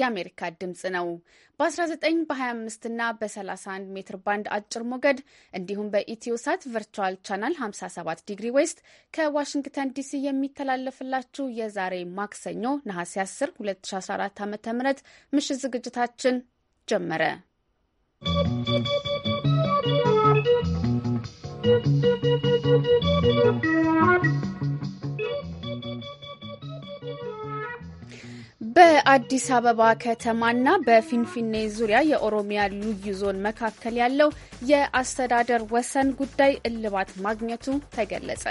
የአሜሪካ ድምፅ ነው። በ19 በ25 እና በ31 ሜትር ባንድ አጭር ሞገድ እንዲሁም በኢትዮሳት ቨርቹዋል ቻናል 57 ዲግሪ ዌስት ከዋሽንግተን ዲሲ የሚተላለፍላችሁ የዛሬ ማክሰኞ ነሐሴ 10 2014 ዓ.ም ምሽት ዝግጅታችን ጀመረ። ¶¶ በአዲስ አበባ ከተማና በፊንፊኔ ዙሪያ የኦሮሚያ ልዩ ዞን መካከል ያለው የአስተዳደር ወሰን ጉዳይ እልባት ማግኘቱ ተገለጸ።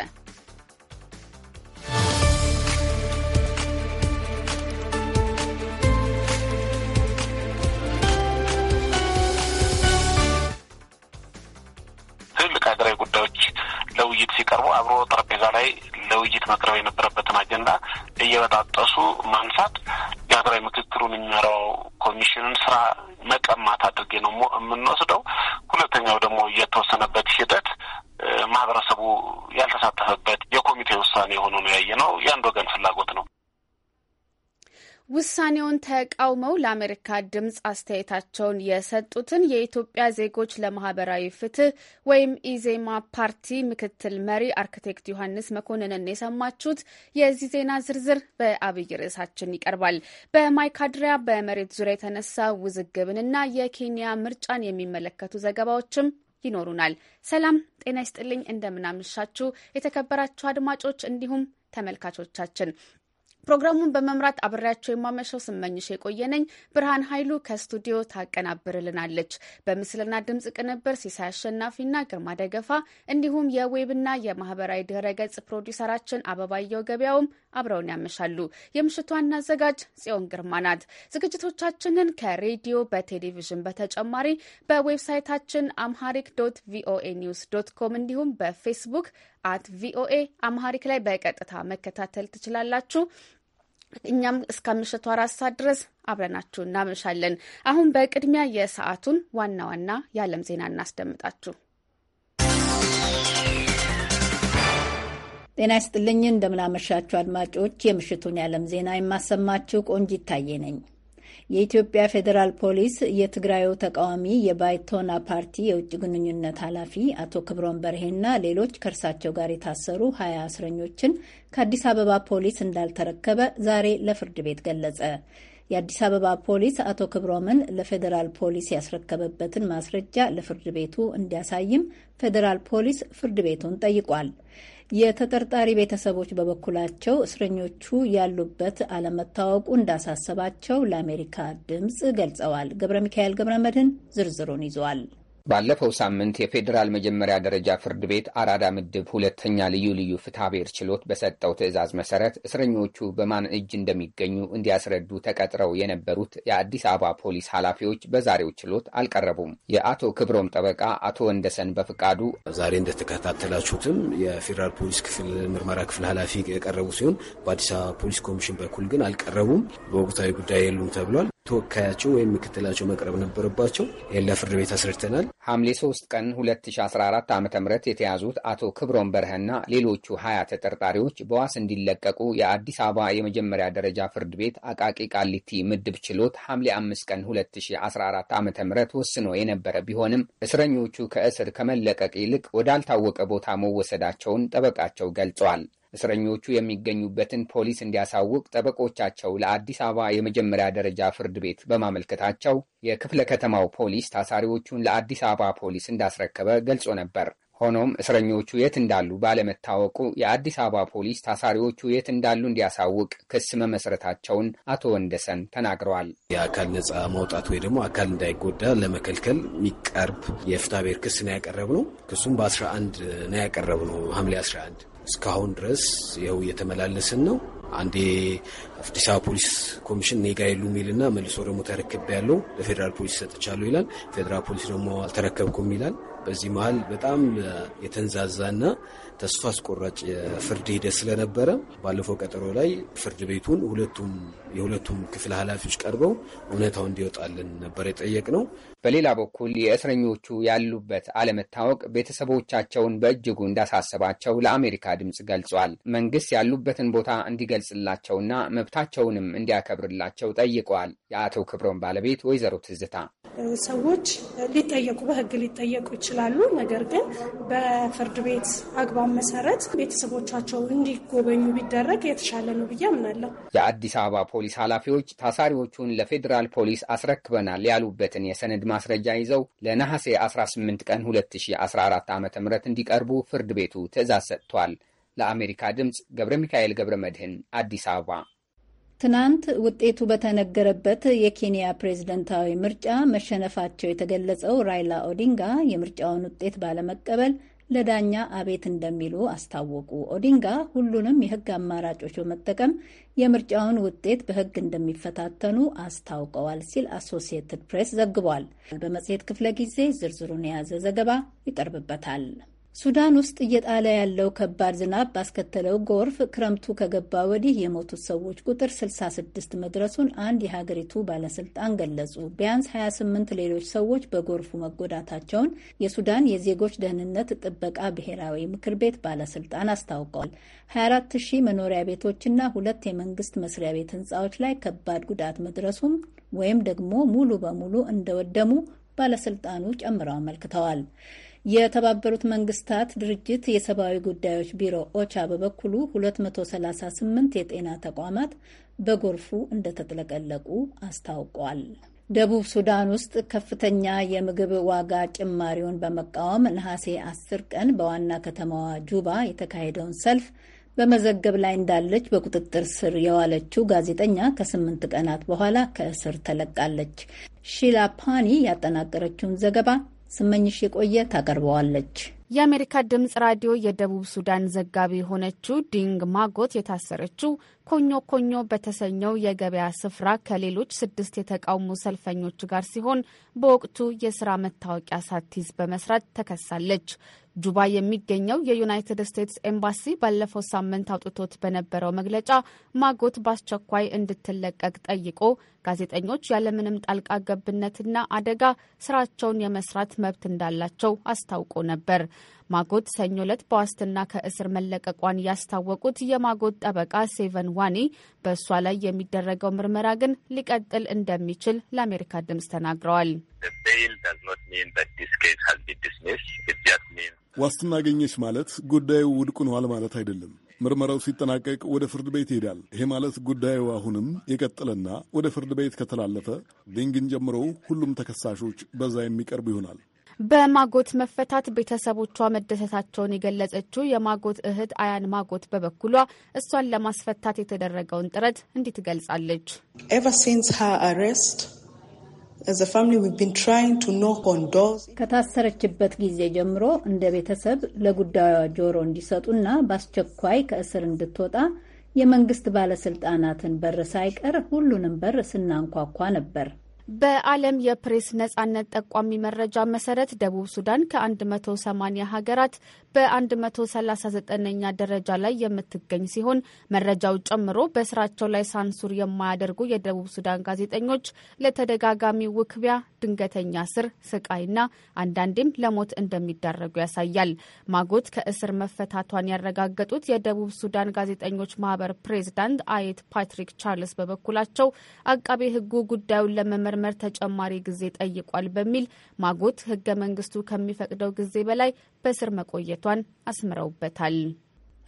ለውይይት ሲቀርቡ አብሮ ጠረጴዛ ላይ ለውይይት መቅረብ የነበረበትን አጀንዳ እየበጣጠሱ ማንሳት የሀገራዊ ምክክሩን የሚመራው ኮሚሽንን ስራ መቀማት አድርጌ ነው የምንወስደው። ሁለተኛው ደግሞ እየተወሰነበት ሂደት ማህበረሰቡ ያልተሳተፈበት የኮሚቴ ውሳኔ የሆነ ነው ያየ ነው። የአንድ ወገን ፍላጎት ነው። ውሳኔውን ተቃውመው ለአሜሪካ ድምፅ አስተያየታቸውን የሰጡትን የኢትዮጵያ ዜጎች ለማህበራዊ ፍትህ ወይም ኢዜማ ፓርቲ ምክትል መሪ አርክቴክት ዮሐንስ መኮንንን የሰማችሁት። የዚህ ዜና ዝርዝር በአብይ ርዕሳችን ይቀርባል። በማይካድሪያ በመሬት ዙሪያ የተነሳ ውዝግብንና የኬንያ ምርጫን የሚመለከቱ ዘገባዎችም ይኖሩናል። ሰላም ጤና ይስጥልኝ። እንደምናመሻችሁ የተከበራችሁ አድማጮች እንዲሁም ተመልካቾቻችን ፕሮግራሙን በመምራት አብሬያቸው የማመሻው ስመኝሽ የቆየነኝ ብርሃን ኃይሉ ከስቱዲዮ ታቀናብርልናለች። በምስልና ድምጽ ቅንብር ሲሳይ አሸናፊና ግርማ ደገፋ እንዲሁም የዌብና የማህበራዊ ድህረ ገጽ ፕሮዲውሰራችን አበባየው ገበያውም አብረውን ያመሻሉ። የምሽቱ ዋና አዘጋጅ ጽዮን ግርማ ናት። ዝግጅቶቻችንን ከሬዲዮ በቴሌቪዥን በተጨማሪ በዌብሳይታችን አምሃሪክ ዶት ቪኦኤ ኒውስ ዶት ኮም እንዲሁም በፌስቡክ አት ቪኦኤ አምሃሪክ ላይ በቀጥታ መከታተል ትችላላችሁ። እኛም እስከ ምሽቱ አራት ሰዓት ድረስ አብረናችሁ እናመሻለን። አሁን በቅድሚያ የሰዓቱን ዋና ዋና የዓለም ዜና እናስደምጣችሁ። ጤና ይስጥልኝ፣ እንደምናመሻችሁ አድማጮች። የምሽቱን የዓለም ዜና የማሰማችሁ ቆንጂት ታዬ ነኝ። የኢትዮጵያ ፌዴራል ፖሊስ የትግራዩ ተቃዋሚ የባይቶና ፓርቲ የውጭ ግንኙነት ኃላፊ አቶ ክብሮም በርሄና ሌሎች ከእርሳቸው ጋር የታሰሩ ሀያ እስረኞችን ከአዲስ አበባ ፖሊስ እንዳልተረከበ ዛሬ ለፍርድ ቤት ገለጸ። የአዲስ አበባ ፖሊስ አቶ ክብሮምን ለፌዴራል ፖሊስ ያስረከበበትን ማስረጃ ለፍርድ ቤቱ እንዲያሳይም ፌዴራል ፖሊስ ፍርድ ቤቱን ጠይቋል። የተጠርጣሪ ቤተሰቦች በበኩላቸው እስረኞቹ ያሉበት አለመታወቁ እንዳሳሰባቸው ለአሜሪካ ድምፅ ገልጸዋል። ገብረ ሚካኤል ገብረ መድህን ዝርዝሩን ይዟል። ባለፈው ሳምንት የፌዴራል መጀመሪያ ደረጃ ፍርድ ቤት አራዳ ምድብ ሁለተኛ ልዩ ልዩ ፍትሐ ችሎት በሰጠው ትዕዛዝ መሰረት እስረኞቹ በማን እጅ እንደሚገኙ እንዲያስረዱ ተቀጥረው የነበሩት የአዲስ አበባ ፖሊስ ኃላፊዎች በዛሬው ችሎት አልቀረቡም። የአቶ ክብሮም ጠበቃ አቶ ወንደሰን በፍቃዱ ዛሬ እንደተከታተላችሁትም የፌዴራል ፖሊስ ክፍል ምርመራ ክፍል ኃላፊ የቀረቡ ሲሆን በአዲስ አበባ ፖሊስ ኮሚሽን በኩል ግን አልቀረቡም። በወቅታዊ ጉዳይ የሉም ተብሏል። ተወካያቸው ወይም ምክትላቸው መቅረብ ነበረባቸው። ይህን ለፍርድ ቤት አስረድተናል። ሐምሌ 3 ቀን 2014 ዓ ም የተያዙት አቶ ክብሮም በርሀና ሌሎቹ ሀያ ተጠርጣሪዎች በዋስ እንዲለቀቁ የአዲስ አበባ የመጀመሪያ ደረጃ ፍርድ ቤት አቃቂ ቃሊቲ ምድብ ችሎት ሐምሌ 5 ቀን 2014 ዓ ም ወስኖ የነበረ ቢሆንም እስረኞቹ ከእስር ከመለቀቅ ይልቅ ወዳልታወቀ ቦታ መወሰዳቸውን ጠበቃቸው ገልጸዋል። እስረኞቹ የሚገኙበትን ፖሊስ እንዲያሳውቅ ጠበቆቻቸው ለአዲስ አበባ የመጀመሪያ ደረጃ ፍርድ ቤት በማመልከታቸው የክፍለ ከተማው ፖሊስ ታሳሪዎቹን ለአዲስ አበባ ፖሊስ እንዳስረከበ ገልጾ ነበር። ሆኖም እስረኞቹ የት እንዳሉ ባለመታወቁ የአዲስ አበባ ፖሊስ ታሳሪዎቹ የት እንዳሉ እንዲያሳውቅ ክስ መመስረታቸውን አቶ ወንደሰን ተናግረዋል። የአካል ነፃ ማውጣት ወይ ደግሞ አካል እንዳይጎዳ ለመከልከል የሚቀርብ የፍትሐ ክስ ነው ያቀረብ ነው። ክሱም በ11 ነው ያቀረብ ነው ሐምሌ 11 እስካሁን ድረስ ይኸው እየተመላለስን ነው። አንዴ አዲስ አበባ ፖሊስ ኮሚሽን ኔጋ የሉ ይልና መልሶ ደግሞ ተረክብ ያለው ለፌዴራል ፖሊስ ሰጥቻለሁ ይላል። ፌዴራል ፖሊስ ደግሞ አልተረከብኩም ይላል። በዚህ መሀል በጣም የተንዛዛና ተስፋ አስቆራጭ ፍርድ ሂደት ስለነበረ ባለፈው ቀጠሮ ላይ ፍርድ ቤቱን ሁለቱም የሁለቱም ክፍል ኃላፊዎች ቀርበው እውነታው እንዲወጣልን ነበር የጠየቅ ነው። በሌላ በኩል የእስረኞቹ ያሉበት አለመታወቅ ቤተሰቦቻቸውን በእጅጉ እንዳሳሰባቸው ለአሜሪካ ድምፅ ገልጿል። መንግስት ያሉበትን ቦታ እንዲገልጽላቸውና መብታቸውንም እንዲያከብርላቸው ጠይቀዋል። የአቶ ክብረን ባለቤት ወይዘሮ ትዝታ ሰዎች ሊጠየቁ በህግ ሊጠየቁ ይችላሉ። ነገር ግን በፍርድ ቤት አግባብ መሰረት ቤተሰቦቻቸው እንዲጎበኙ ቢደረግ የተሻለ ነው ብዬ አምናለሁ። የአዲስ አበባ ፖሊስ ኃላፊዎች ታሳሪዎቹን ለፌዴራል ፖሊስ አስረክበናል ያሉበትን የሰነድ ማስረጃ ይዘው ለነሐሴ 18 ቀን 2014 ዓ ም እንዲቀርቡ ፍርድ ቤቱ ትዕዛዝ ሰጥቷል። ለአሜሪካ ድምፅ ገብረ ሚካኤል ገብረ መድህን አዲስ አበባ። ትናንት ውጤቱ በተነገረበት የኬንያ ፕሬዝደንታዊ ምርጫ መሸነፋቸው የተገለጸው ራይላ ኦዲንጋ የምርጫውን ውጤት ባለመቀበል ለዳኛ አቤት እንደሚሉ አስታወቁ። ኦዲንጋ ሁሉንም የህግ አማራጮች በመጠቀም የምርጫውን ውጤት በህግ እንደሚፈታተኑ አስታውቀዋል ሲል አሶሲየትድ ፕሬስ ዘግቧል። በመጽሔት ክፍለ ጊዜ ዝርዝሩን የያዘ ዘገባ ይቀርብበታል። ሱዳን ውስጥ እየጣለ ያለው ከባድ ዝናብ ባስከተለው ጎርፍ ክረምቱ ከገባ ወዲህ የሞቱት ሰዎች ቁጥር 66 መድረሱን አንድ የሀገሪቱ ባለስልጣን ገለጹ። ቢያንስ 28 ሌሎች ሰዎች በጎርፉ መጎዳታቸውን የሱዳን የዜጎች ደህንነት ጥበቃ ብሔራዊ ምክር ቤት ባለስልጣን አስታውቀዋል። 24 ሺህ መኖሪያ ቤቶችና ሁለት የመንግስት መስሪያ ቤት ህንፃዎች ላይ ከባድ ጉዳት መድረሱም ወይም ደግሞ ሙሉ በሙሉ እንደወደሙ ባለስልጣኑ ጨምረው አመልክተዋል። የተባበሩት መንግስታት ድርጅት የሰብአዊ ጉዳዮች ቢሮ ኦቻ በበኩሉ 238 የጤና ተቋማት በጎርፉ እንደተጥለቀለቁ አስታውቋል። ደቡብ ሱዳን ውስጥ ከፍተኛ የምግብ ዋጋ ጭማሪውን በመቃወም ነሐሴ 10 ቀን በዋና ከተማዋ ጁባ የተካሄደውን ሰልፍ በመዘገብ ላይ እንዳለች በቁጥጥር ስር የዋለችው ጋዜጠኛ ከስምንት ቀናት በኋላ ከእስር ተለቃለች። ሺላ ፓኒ ያጠናቀረችውን ዘገባ ስመኝሽ የቆየ ታቀርበዋለች። የአሜሪካ ድምጽ ራዲዮ የደቡብ ሱዳን ዘጋቢ የሆነችው ዲንግ ማጎት የታሰረችው ኮኞ ኮኞ በተሰኘው የገበያ ስፍራ ከሌሎች ስድስት የተቃውሞ ሰልፈኞች ጋር ሲሆን በወቅቱ የስራ መታወቂያ ሳትይዝ በመስራት ተከሳለች። ጁባ የሚገኘው የዩናይትድ ስቴትስ ኤምባሲ ባለፈው ሳምንት አውጥቶት በነበረው መግለጫ ማጎት በአስቸኳይ እንድትለቀቅ ጠይቆ ጋዜጠኞች ያለምንም ጣልቃ ገብነትና አደጋ ስራቸውን የመስራት መብት እንዳላቸው አስታውቆ ነበር። ማጎት ሰኞ ዕለት በዋስትና ከእስር መለቀቋን ያስታወቁት የማጎት ጠበቃ ሴቨን ዋኒ በእሷ ላይ የሚደረገው ምርመራ ግን ሊቀጥል እንደሚችል ለአሜሪካ ድምፅ ተናግረዋል። ዋስትና አገኘች ማለት ጉዳዩ ውድቅ ሆኗል ማለት አይደለም። ምርመራው ሲጠናቀቅ ወደ ፍርድ ቤት ይሄዳል። ይሄ ማለት ጉዳዩ አሁንም የቀጠለና ወደ ፍርድ ቤት ከተላለፈ ዲንግን ጀምሮ ሁሉም ተከሳሾች በዛ የሚቀርቡ ይሆናል። በማጎት መፈታት ቤተሰቦቿ መደሰታቸውን የገለጸችው የማጎት እህት አያን ማጎት በበኩሏ እሷን ለማስፈታት የተደረገውን ጥረት እንዲህ ትገልጻለች። ከታሰረችበት ጊዜ ጀምሮ እንደ ቤተሰብ ለጉዳዩ ጆሮ እንዲሰጡና በአስቸኳይ ከእስር እንድትወጣ የመንግስት ባለስልጣናትን በር ሳይቀር ሁሉንም በር ስናንኳኳ ነበር። በዓለም የፕሬስ ነጻነት ጠቋሚ መረጃ መሰረት ደቡብ ሱዳን ከ180 ሀገራት በ139ኛ ደረጃ ላይ የምትገኝ ሲሆን መረጃው ጨምሮ በስራቸው ላይ ሳንሱር የማያደርጉ የደቡብ ሱዳን ጋዜጠኞች ለተደጋጋሚ ውክቢያ ድንገተኛ ስር ስቃይና አንዳንዴም ለሞት እንደሚዳረጉ ያሳያል። ማጎት ከእስር መፈታቷን ያረጋገጡት የደቡብ ሱዳን ጋዜጠኞች ማህበር ፕሬዝዳንት አየት ፓትሪክ ቻርልስ በበኩላቸው አቃቤ ሕጉ ጉዳዩን ለመመርመር ተጨማሪ ጊዜ ጠይቋል በሚል ማጎት ሕገ መንግስቱ ከሚፈቅደው ጊዜ በላይ በእስር መቆየቷን አስምረውበታል።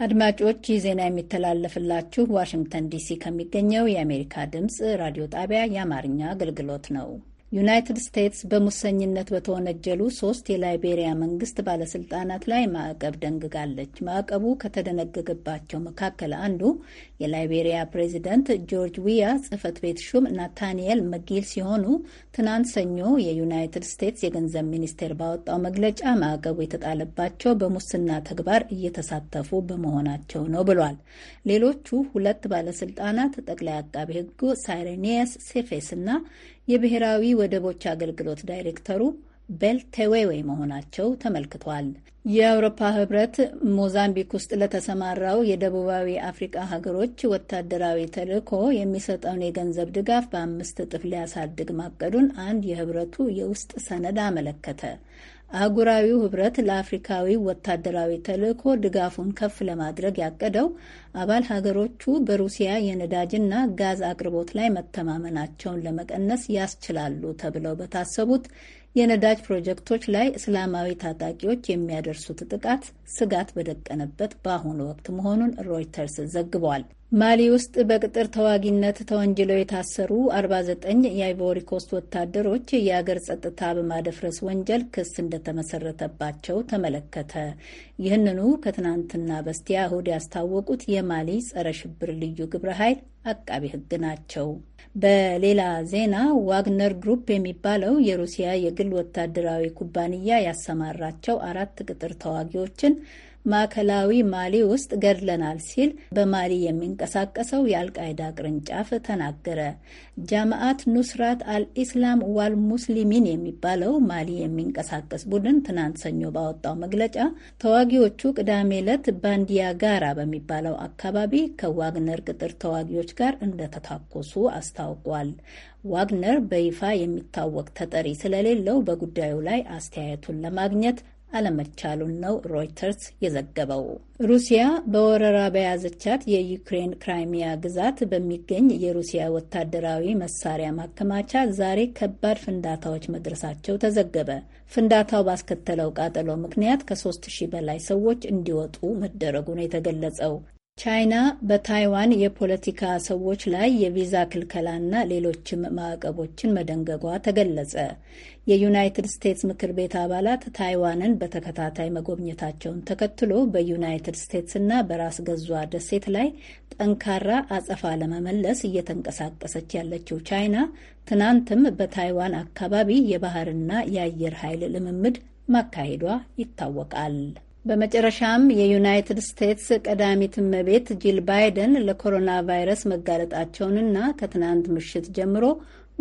አድማጮች ይህ ዜና የሚተላለፍላችሁ ዋሽንግተን ዲሲ ከሚገኘው የአሜሪካ ድምፅ ራዲዮ ጣቢያ የአማርኛ አገልግሎት ነው። ዩናይትድ ስቴትስ በሙሰኝነት በተወነጀሉ ሶስት የላይቤሪያ መንግስት ባለስልጣናት ላይ ማዕቀብ ደንግጋለች። ማዕቀቡ ከተደነገገባቸው መካከል አንዱ የላይቤሪያ ፕሬዚደንት ጆርጅ ዊያ ጽህፈት ቤት ሹም ናታንኤል መጊል ሲሆኑ ትናንት ሰኞ የዩናይትድ ስቴትስ የገንዘብ ሚኒስቴር ባወጣው መግለጫ ማዕቀቡ የተጣለባቸው በሙስና ተግባር እየተሳተፉ በመሆናቸው ነው ብሏል። ሌሎቹ ሁለት ባለስልጣናት ጠቅላይ አቃቤ ሕጉ ሳይሬኒየስ ሴፌስ እና የብሔራዊ ወደቦች አገልግሎት ዳይሬክተሩ ቤል ቴዌዌ መሆናቸው ተመልክቷል። የአውሮፓ ህብረት ሞዛምቢክ ውስጥ ለተሰማራው የደቡባዊ አፍሪካ ሀገሮች ወታደራዊ ተልዕኮ የሚሰጠውን የገንዘብ ድጋፍ በአምስት እጥፍ ሊያሳድግ ማቀዱን አንድ የህብረቱ የውስጥ ሰነድ አመለከተ። አህጉራዊው ህብረት ለአፍሪካዊ ወታደራዊ ተልዕኮ ድጋፉን ከፍ ለማድረግ ያቀደው አባል ሀገሮቹ በሩሲያ የነዳጅና ጋዝ አቅርቦት ላይ መተማመናቸውን ለመቀነስ ያስችላሉ ተብለው በታሰቡት የነዳጅ ፕሮጀክቶች ላይ እስላማዊ ታጣቂዎች የሚያደርሱት ጥቃት ስጋት በደቀነበት በአሁኑ ወቅት መሆኑን ሮይተርስ ዘግቧል። ማሊ ውስጥ በቅጥር ተዋጊነት ተወንጅለው የታሰሩ 49 የአይቮሪ ኮስት ወታደሮች የአገር ጸጥታ በማደፍረስ ወንጀል ክስ እንደተመሰረተባቸው ተመለከተ። ይህንኑ ከትናንትና በስቲያ እሁድ ያስታወቁት የማሊ ጸረ ሽብር ልዩ ግብረ ኃይል አቃቢ ሕግ ናቸው። በሌላ ዜና ዋግነር ግሩፕ የሚባለው የሩሲያ የግል ወታደራዊ ኩባንያ ያሰማራቸው አራት ቅጥር ተዋጊዎችን ማዕከላዊ ማሊ ውስጥ ገድለናል ሲል በማሊ የሚንቀሳቀሰው የአልቃይዳ ቅርንጫፍ ተናገረ። ጃማአት ኑስራት አልኢስላም ዋል ሙስሊሚን የሚባለው ማሊ የሚንቀሳቀስ ቡድን ትናንት ሰኞ ባወጣው መግለጫ ተዋጊዎቹ ቅዳሜ ዕለት ባንዲያ ጋራ በሚባለው አካባቢ ከዋግነር ቅጥር ተዋጊዎች ጋር እንደተታኮሱ አስታውቋል። ዋግነር በይፋ የሚታወቅ ተጠሪ ስለሌለው በጉዳዩ ላይ አስተያየቱን ለማግኘት አለመቻሉን ነው ሮይተርስ የዘገበው። ሩሲያ በወረራ በያዘቻት የዩክሬን ክራይሚያ ግዛት በሚገኝ የሩሲያ ወታደራዊ መሳሪያ ማከማቻ ዛሬ ከባድ ፍንዳታዎች መድረሳቸው ተዘገበ። ፍንዳታው ባስከተለው ቃጠሎ ምክንያት ከሶስት ሺህ በላይ ሰዎች እንዲወጡ መደረጉ ነው የተገለጸው። ቻይና በታይዋን የፖለቲካ ሰዎች ላይ የቪዛ ክልከላና ሌሎችም ማዕቀቦችን መደንገጓ ተገለጸ። የዩናይትድ ስቴትስ ምክር ቤት አባላት ታይዋንን በተከታታይ መጎብኘታቸውን ተከትሎ በዩናይትድ ና በራስ ገዟ ደሴት ላይ ጠንካራ አጸፋ ለመመለስ እየተንቀሳቀሰች ያለችው ቻይና ትናንትም በታይዋን አካባቢ የባህርና የአየር ኃይል ልምምድ ማካሄዷ ይታወቃል። በመጨረሻም የዩናይትድ ስቴትስ ቀዳሚት እመቤት ጂል ባይደን ለኮሮና ቫይረስ መጋለጣቸውንና ከትናንት ምሽት ጀምሮ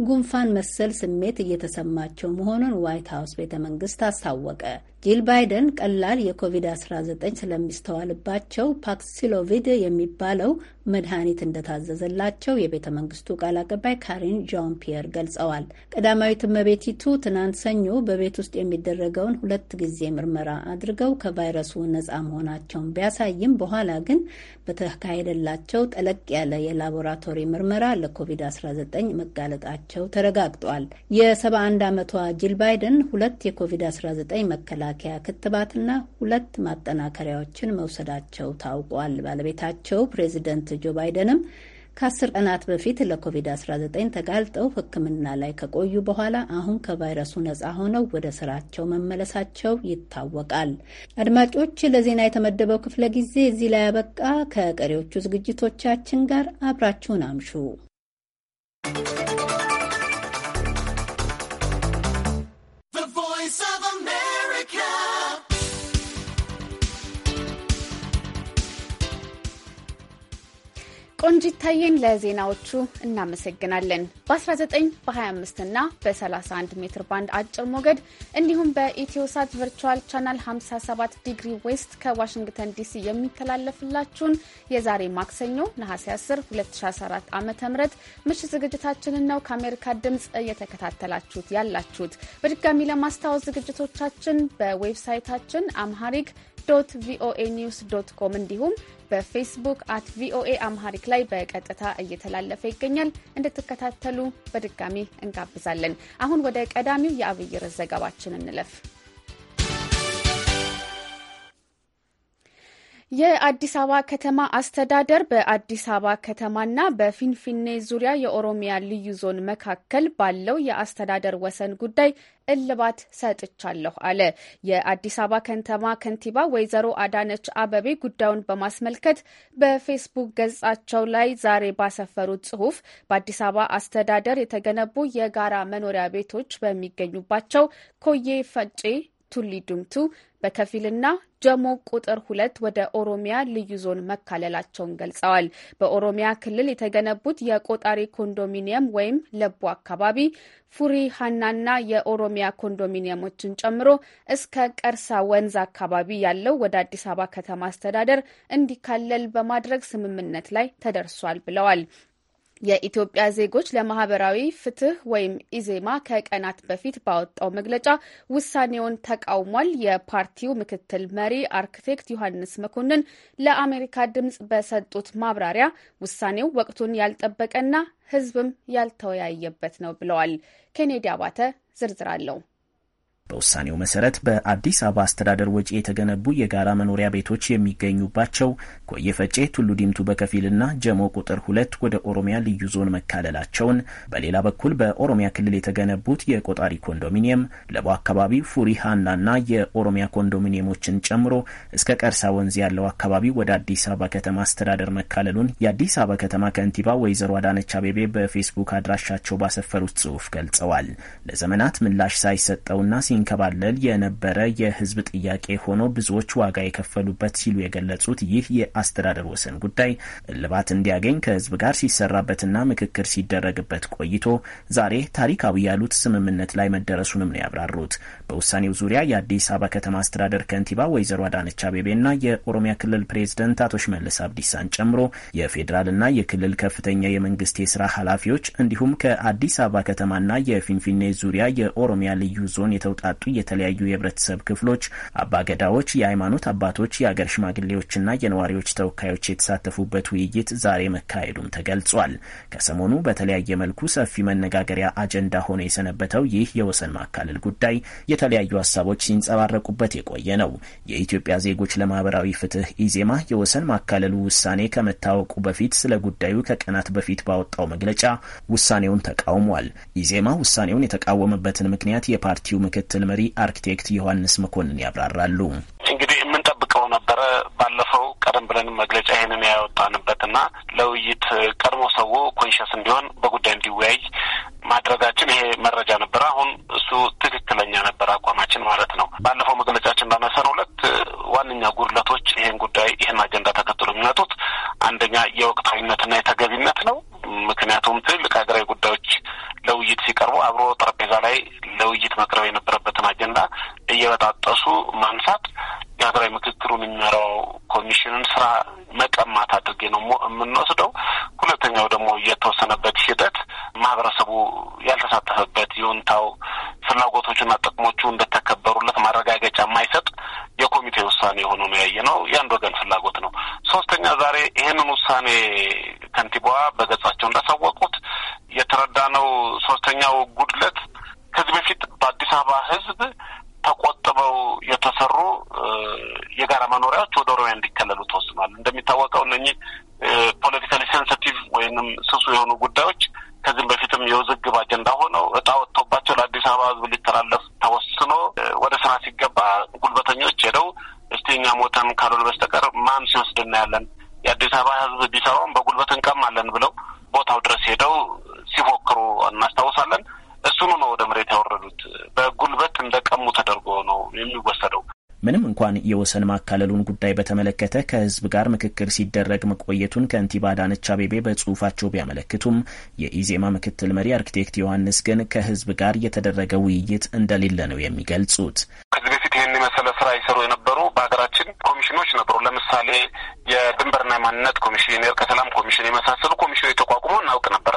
ጉንፋን መሰል ስሜት እየተሰማቸው መሆኑን ዋይት ሀውስ ቤተ መንግስት አስታወቀ። ጂል ባይደን ቀላል የኮቪድ-19 ስለሚስተዋልባቸው ፓክሲሎቪድ የሚባለው መድኃኒት እንደታዘዘላቸው የቤተ መንግስቱ ቃል አቀባይ ካሪን ዣን ፒየር ገልጸዋል። ቀዳማዊት እመቤቲቱ ትናንት ሰኞ በቤት ውስጥ የሚደረገውን ሁለት ጊዜ ምርመራ አድርገው ከቫይረሱ ነፃ መሆናቸውን ቢያሳይም በኋላ ግን በተካሄደላቸው ጠለቅ ያለ የላቦራቶሪ ምርመራ ለኮቪድ-19 መጋለጣቸው ተረጋግጧል። የ71 ዓመቷ ጂል ባይደን ሁለት የኮቪድ-19 መከላ መከላከያ ክትባትና ሁለት ማጠናከሪያዎችን መውሰዳቸው ታውቋል። ባለቤታቸው ፕሬዚደንት ጆ ባይደንም ከአስር ቀናት በፊት ለኮቪድ-19 ተጋልጠው ሕክምና ላይ ከቆዩ በኋላ አሁን ከቫይረሱ ነጻ ሆነው ወደ ስራቸው መመለሳቸው ይታወቃል። አድማጮች፣ ለዜና የተመደበው ክፍለ ጊዜ እዚህ ላይ ያበቃ። ከቀሪዎቹ ዝግጅቶቻችን ጋር አብራችሁን አምሹ። ቆንጂት ታዬን ለዜናዎቹ እናመሰግናለን። በ19 በ25 እና በ31 ሜትር ባንድ አጭር ሞገድ እንዲሁም በኢትዮሳት ቨርቹዋል ቻናል 57 ዲግሪ ዌስት ከዋሽንግተን ዲሲ የሚተላለፍላችሁን የዛሬ ማክሰኞ ነሐሴ 10 2014 ዓ ም ምሽት ዝግጅታችንን ነው ከአሜሪካ ድምፅ እየተከታተላችሁት ያላችሁት። በድጋሚ ለማስታወስ ዝግጅቶቻችን በዌብሳይታችን አምሃሪክ ዶት ቪኦኤ ኒውስ ዶት ኮም እንዲሁም በፌስቡክ አት ቪኦኤ አምሃሪክ ላይ በቀጥታ እየተላለፈ ይገኛል። እንድትከታተሉ በድጋሚ እንጋብዛለን። አሁን ወደ ቀዳሚው የአብይር ዘገባችን እንለፍ። የአዲስ አበባ ከተማ አስተዳደር በአዲስ አበባ ከተማና በፊንፊኔ ዙሪያ የኦሮሚያ ልዩ ዞን መካከል ባለው የአስተዳደር ወሰን ጉዳይ እልባት ሰጥቻለሁ አለ። የአዲስ አበባ ከተማ ከንቲባ ወይዘሮ አዳነች አበቤ ጉዳዩን በማስመልከት በፌስቡክ ገጻቸው ላይ ዛሬ ባሰፈሩት ጽሁፍ በአዲስ አበባ አስተዳደር የተገነቡ የጋራ መኖሪያ ቤቶች በሚገኙባቸው ኮዬ ፈጬ ቱሊ ዱምቱ በከፊልና ጀሞ ቁጥር ሁለት ወደ ኦሮሚያ ልዩ ዞን መካለላቸውን ገልጸዋል። በኦሮሚያ ክልል የተገነቡት የቆጣሪ ኮንዶሚኒየም ወይም ለቦ አካባቢ ፉሪ ሀናና የኦሮሚያ ኮንዶሚኒየሞችን ጨምሮ እስከ ቀርሳ ወንዝ አካባቢ ያለው ወደ አዲስ አበባ ከተማ አስተዳደር እንዲካለል በማድረግ ስምምነት ላይ ተደርሷል ብለዋል። የኢትዮጵያ ዜጎች ለማህበራዊ ፍትህ ወይም ኢዜማ ከቀናት በፊት ባወጣው መግለጫ ውሳኔውን ተቃውሟል። የፓርቲው ምክትል መሪ አርክቴክት ዮሐንስ መኮንን ለአሜሪካ ድምጽ በሰጡት ማብራሪያ ውሳኔው ወቅቱን ያልጠበቀና ሕዝብም ያልተወያየበት ነው ብለዋል። ኬኔዲ አባተ ዝርዝር አለው። በውሳኔው መሰረት በአዲስ አበባ አስተዳደር ወጪ የተገነቡ የጋራ መኖሪያ ቤቶች የሚገኙባቸው ኮየፈጬ፣ ቱሉ ዲምቱ በከፊልና ጀሞ ቁጥር ሁለት ወደ ኦሮሚያ ልዩ ዞን መካለላቸውን፣ በሌላ በኩል በኦሮሚያ ክልል የተገነቡት የቆጣሪ ኮንዶሚኒየም ለቦ አካባቢ ፉሪ የኦሮሚያ ኮንዶሚኒየሞችን ጨምሮ እስከ ቀርሳ ወንዝ ያለው አካባቢ ወደ አዲስ አበባ ከተማ አስተዳደር መካለሉን የአዲስ አበባ ከተማ ከንቲባ ወይዘሮ አዳነች አቤቤ በፌስቡክ አድራሻቸው ባሰፈሩት ጽሑፍ ገልጸዋል። ለዘመናት ምላሽ ሳይሰጠውና ሲ ሲንከባለል የነበረ የህዝብ ጥያቄ ሆኖ ብዙዎች ዋጋ የከፈሉበት ሲሉ የገለጹት ይህ የአስተዳደር ወሰን ጉዳይ እልባት እንዲያገኝ ከህዝብ ጋር ሲሰራበትና ምክክር ሲደረግበት ቆይቶ ዛሬ ታሪካዊ ያሉት ስምምነት ላይ መደረሱንም ነው ያብራሩት። በውሳኔው ዙሪያ የአዲስ አበባ ከተማ አስተዳደር ከንቲባ ወይዘሮ አዳነች አቤቤና የኦሮሚያ ክልል ፕሬዝደንት አቶ ሽመልስ አብዲሳን ጨምሮ የፌዴራልና የክልል ከፍተኛ የመንግስት የስራ ኃላፊዎች እንዲሁም ከአዲስ አበባ ከተማና የፊንፊኔ ዙሪያ የኦሮሚያ ልዩ ዞን የተውጣ የተውጣጡ የተለያዩ የህብረተሰብ ክፍሎች፣ አባገዳዎች፣ የሃይማኖት አባቶች፣ የአገር ሽማግሌዎችና የነዋሪዎች ተወካዮች የተሳተፉበት ውይይት ዛሬ መካሄዱም ተገልጿል። ከሰሞኑ በተለያየ መልኩ ሰፊ መነጋገሪያ አጀንዳ ሆኖ የሰነበተው ይህ የወሰን ማካለል ጉዳይ የተለያዩ ሀሳቦች ሲንጸባረቁበት የቆየ ነው። የኢትዮጵያ ዜጎች ለማህበራዊ ፍትህ ኢዜማ የወሰን ማካለሉ ውሳኔ ከመታወቁ በፊት ስለ ጉዳዩ ከቀናት በፊት ባወጣው መግለጫ ውሳኔውን ተቃውሟል። ኢዜማ ውሳኔውን የተቃወመበትን ምክንያት የፓርቲው ምክትል ምክትል መሪ አርኪቴክት ዮሐንስ መኮንን ያብራራሉ። እንግዲህ የምንጠብቀው ነበረ ባለፈው ቀደም ብለን መግለጫ ይህንን ያወጣንበትና ለውይይት ቀድሞ ሰው ኮንሽስ እንዲሆን በጉዳይ እንዲወያይ ማድረጋችን ይሄ መረጃ ነበረ። አሁን እሱ ትክክለኛ ነበር አቋማችን ማለት ነው። ባለፈው መግለጫችን እንዳነሳነው ሁለት ዋነኛ ጉድለቶች ይህን ጉዳይ ይህን አጀንዳ ተከትሎ የሚመጡት አንደኛ የወቅታዊነትና የተገቢነት ነው። ምክንያቱም ትልቅ ሀገራዊ ጉዳዮች ለውይይት ሲቀርቡ አብሮ ጠረጴዛ ላይ መቅረብ የነበረበትን አጀንዳ እየበጣጠሱ ማንሳት የሀገራዊ ምክክሩ የሚመራው ኮሚሽንን ስራ መቀማት አድርጌ ነው የምንወስደው። ሁለተኛው ደግሞ የተወሰነበት ሂደት ማህበረሰቡ ያልተሳተፈበት ይሁንታው ፍላጎቶቹና ጥቅሞቹ እንደተከበሩለት ማረጋገጫ የማይሰጥ የኮሚቴ ውሳኔ የሆነ ነው ያየ ነው። የአንድ ወገን ፍላጎት ነው። ሶስተኛ ዛሬ ይህንን ውሳኔ የወሰን ማካለሉን ጉዳይ በተመለከተ ከህዝብ ጋር ምክክር ሲደረግ መቆየቱን ከንቲባ አዳነች አቤቤ በጽሁፋቸው ቢያመለክቱም የኢዜማ ምክትል መሪ አርኪቴክት ዮሐንስ ግን ከህዝብ ጋር የተደረገ ውይይት እንደሌለ ነው የሚገልጹት። ከዚህ በፊት ይህን የመሰለ ስራ ይሰሩ የነበሩ በሀገራችን ኮሚሽኖች ነበሩ። ለምሳሌ የድንበርና የማንነት ኮሚሽን፣ የእርቀ ሰላም ኮሚሽን የመሳሰሉ ኮሚሽኖች ተቋቁሞ እናውቅ ነበረ።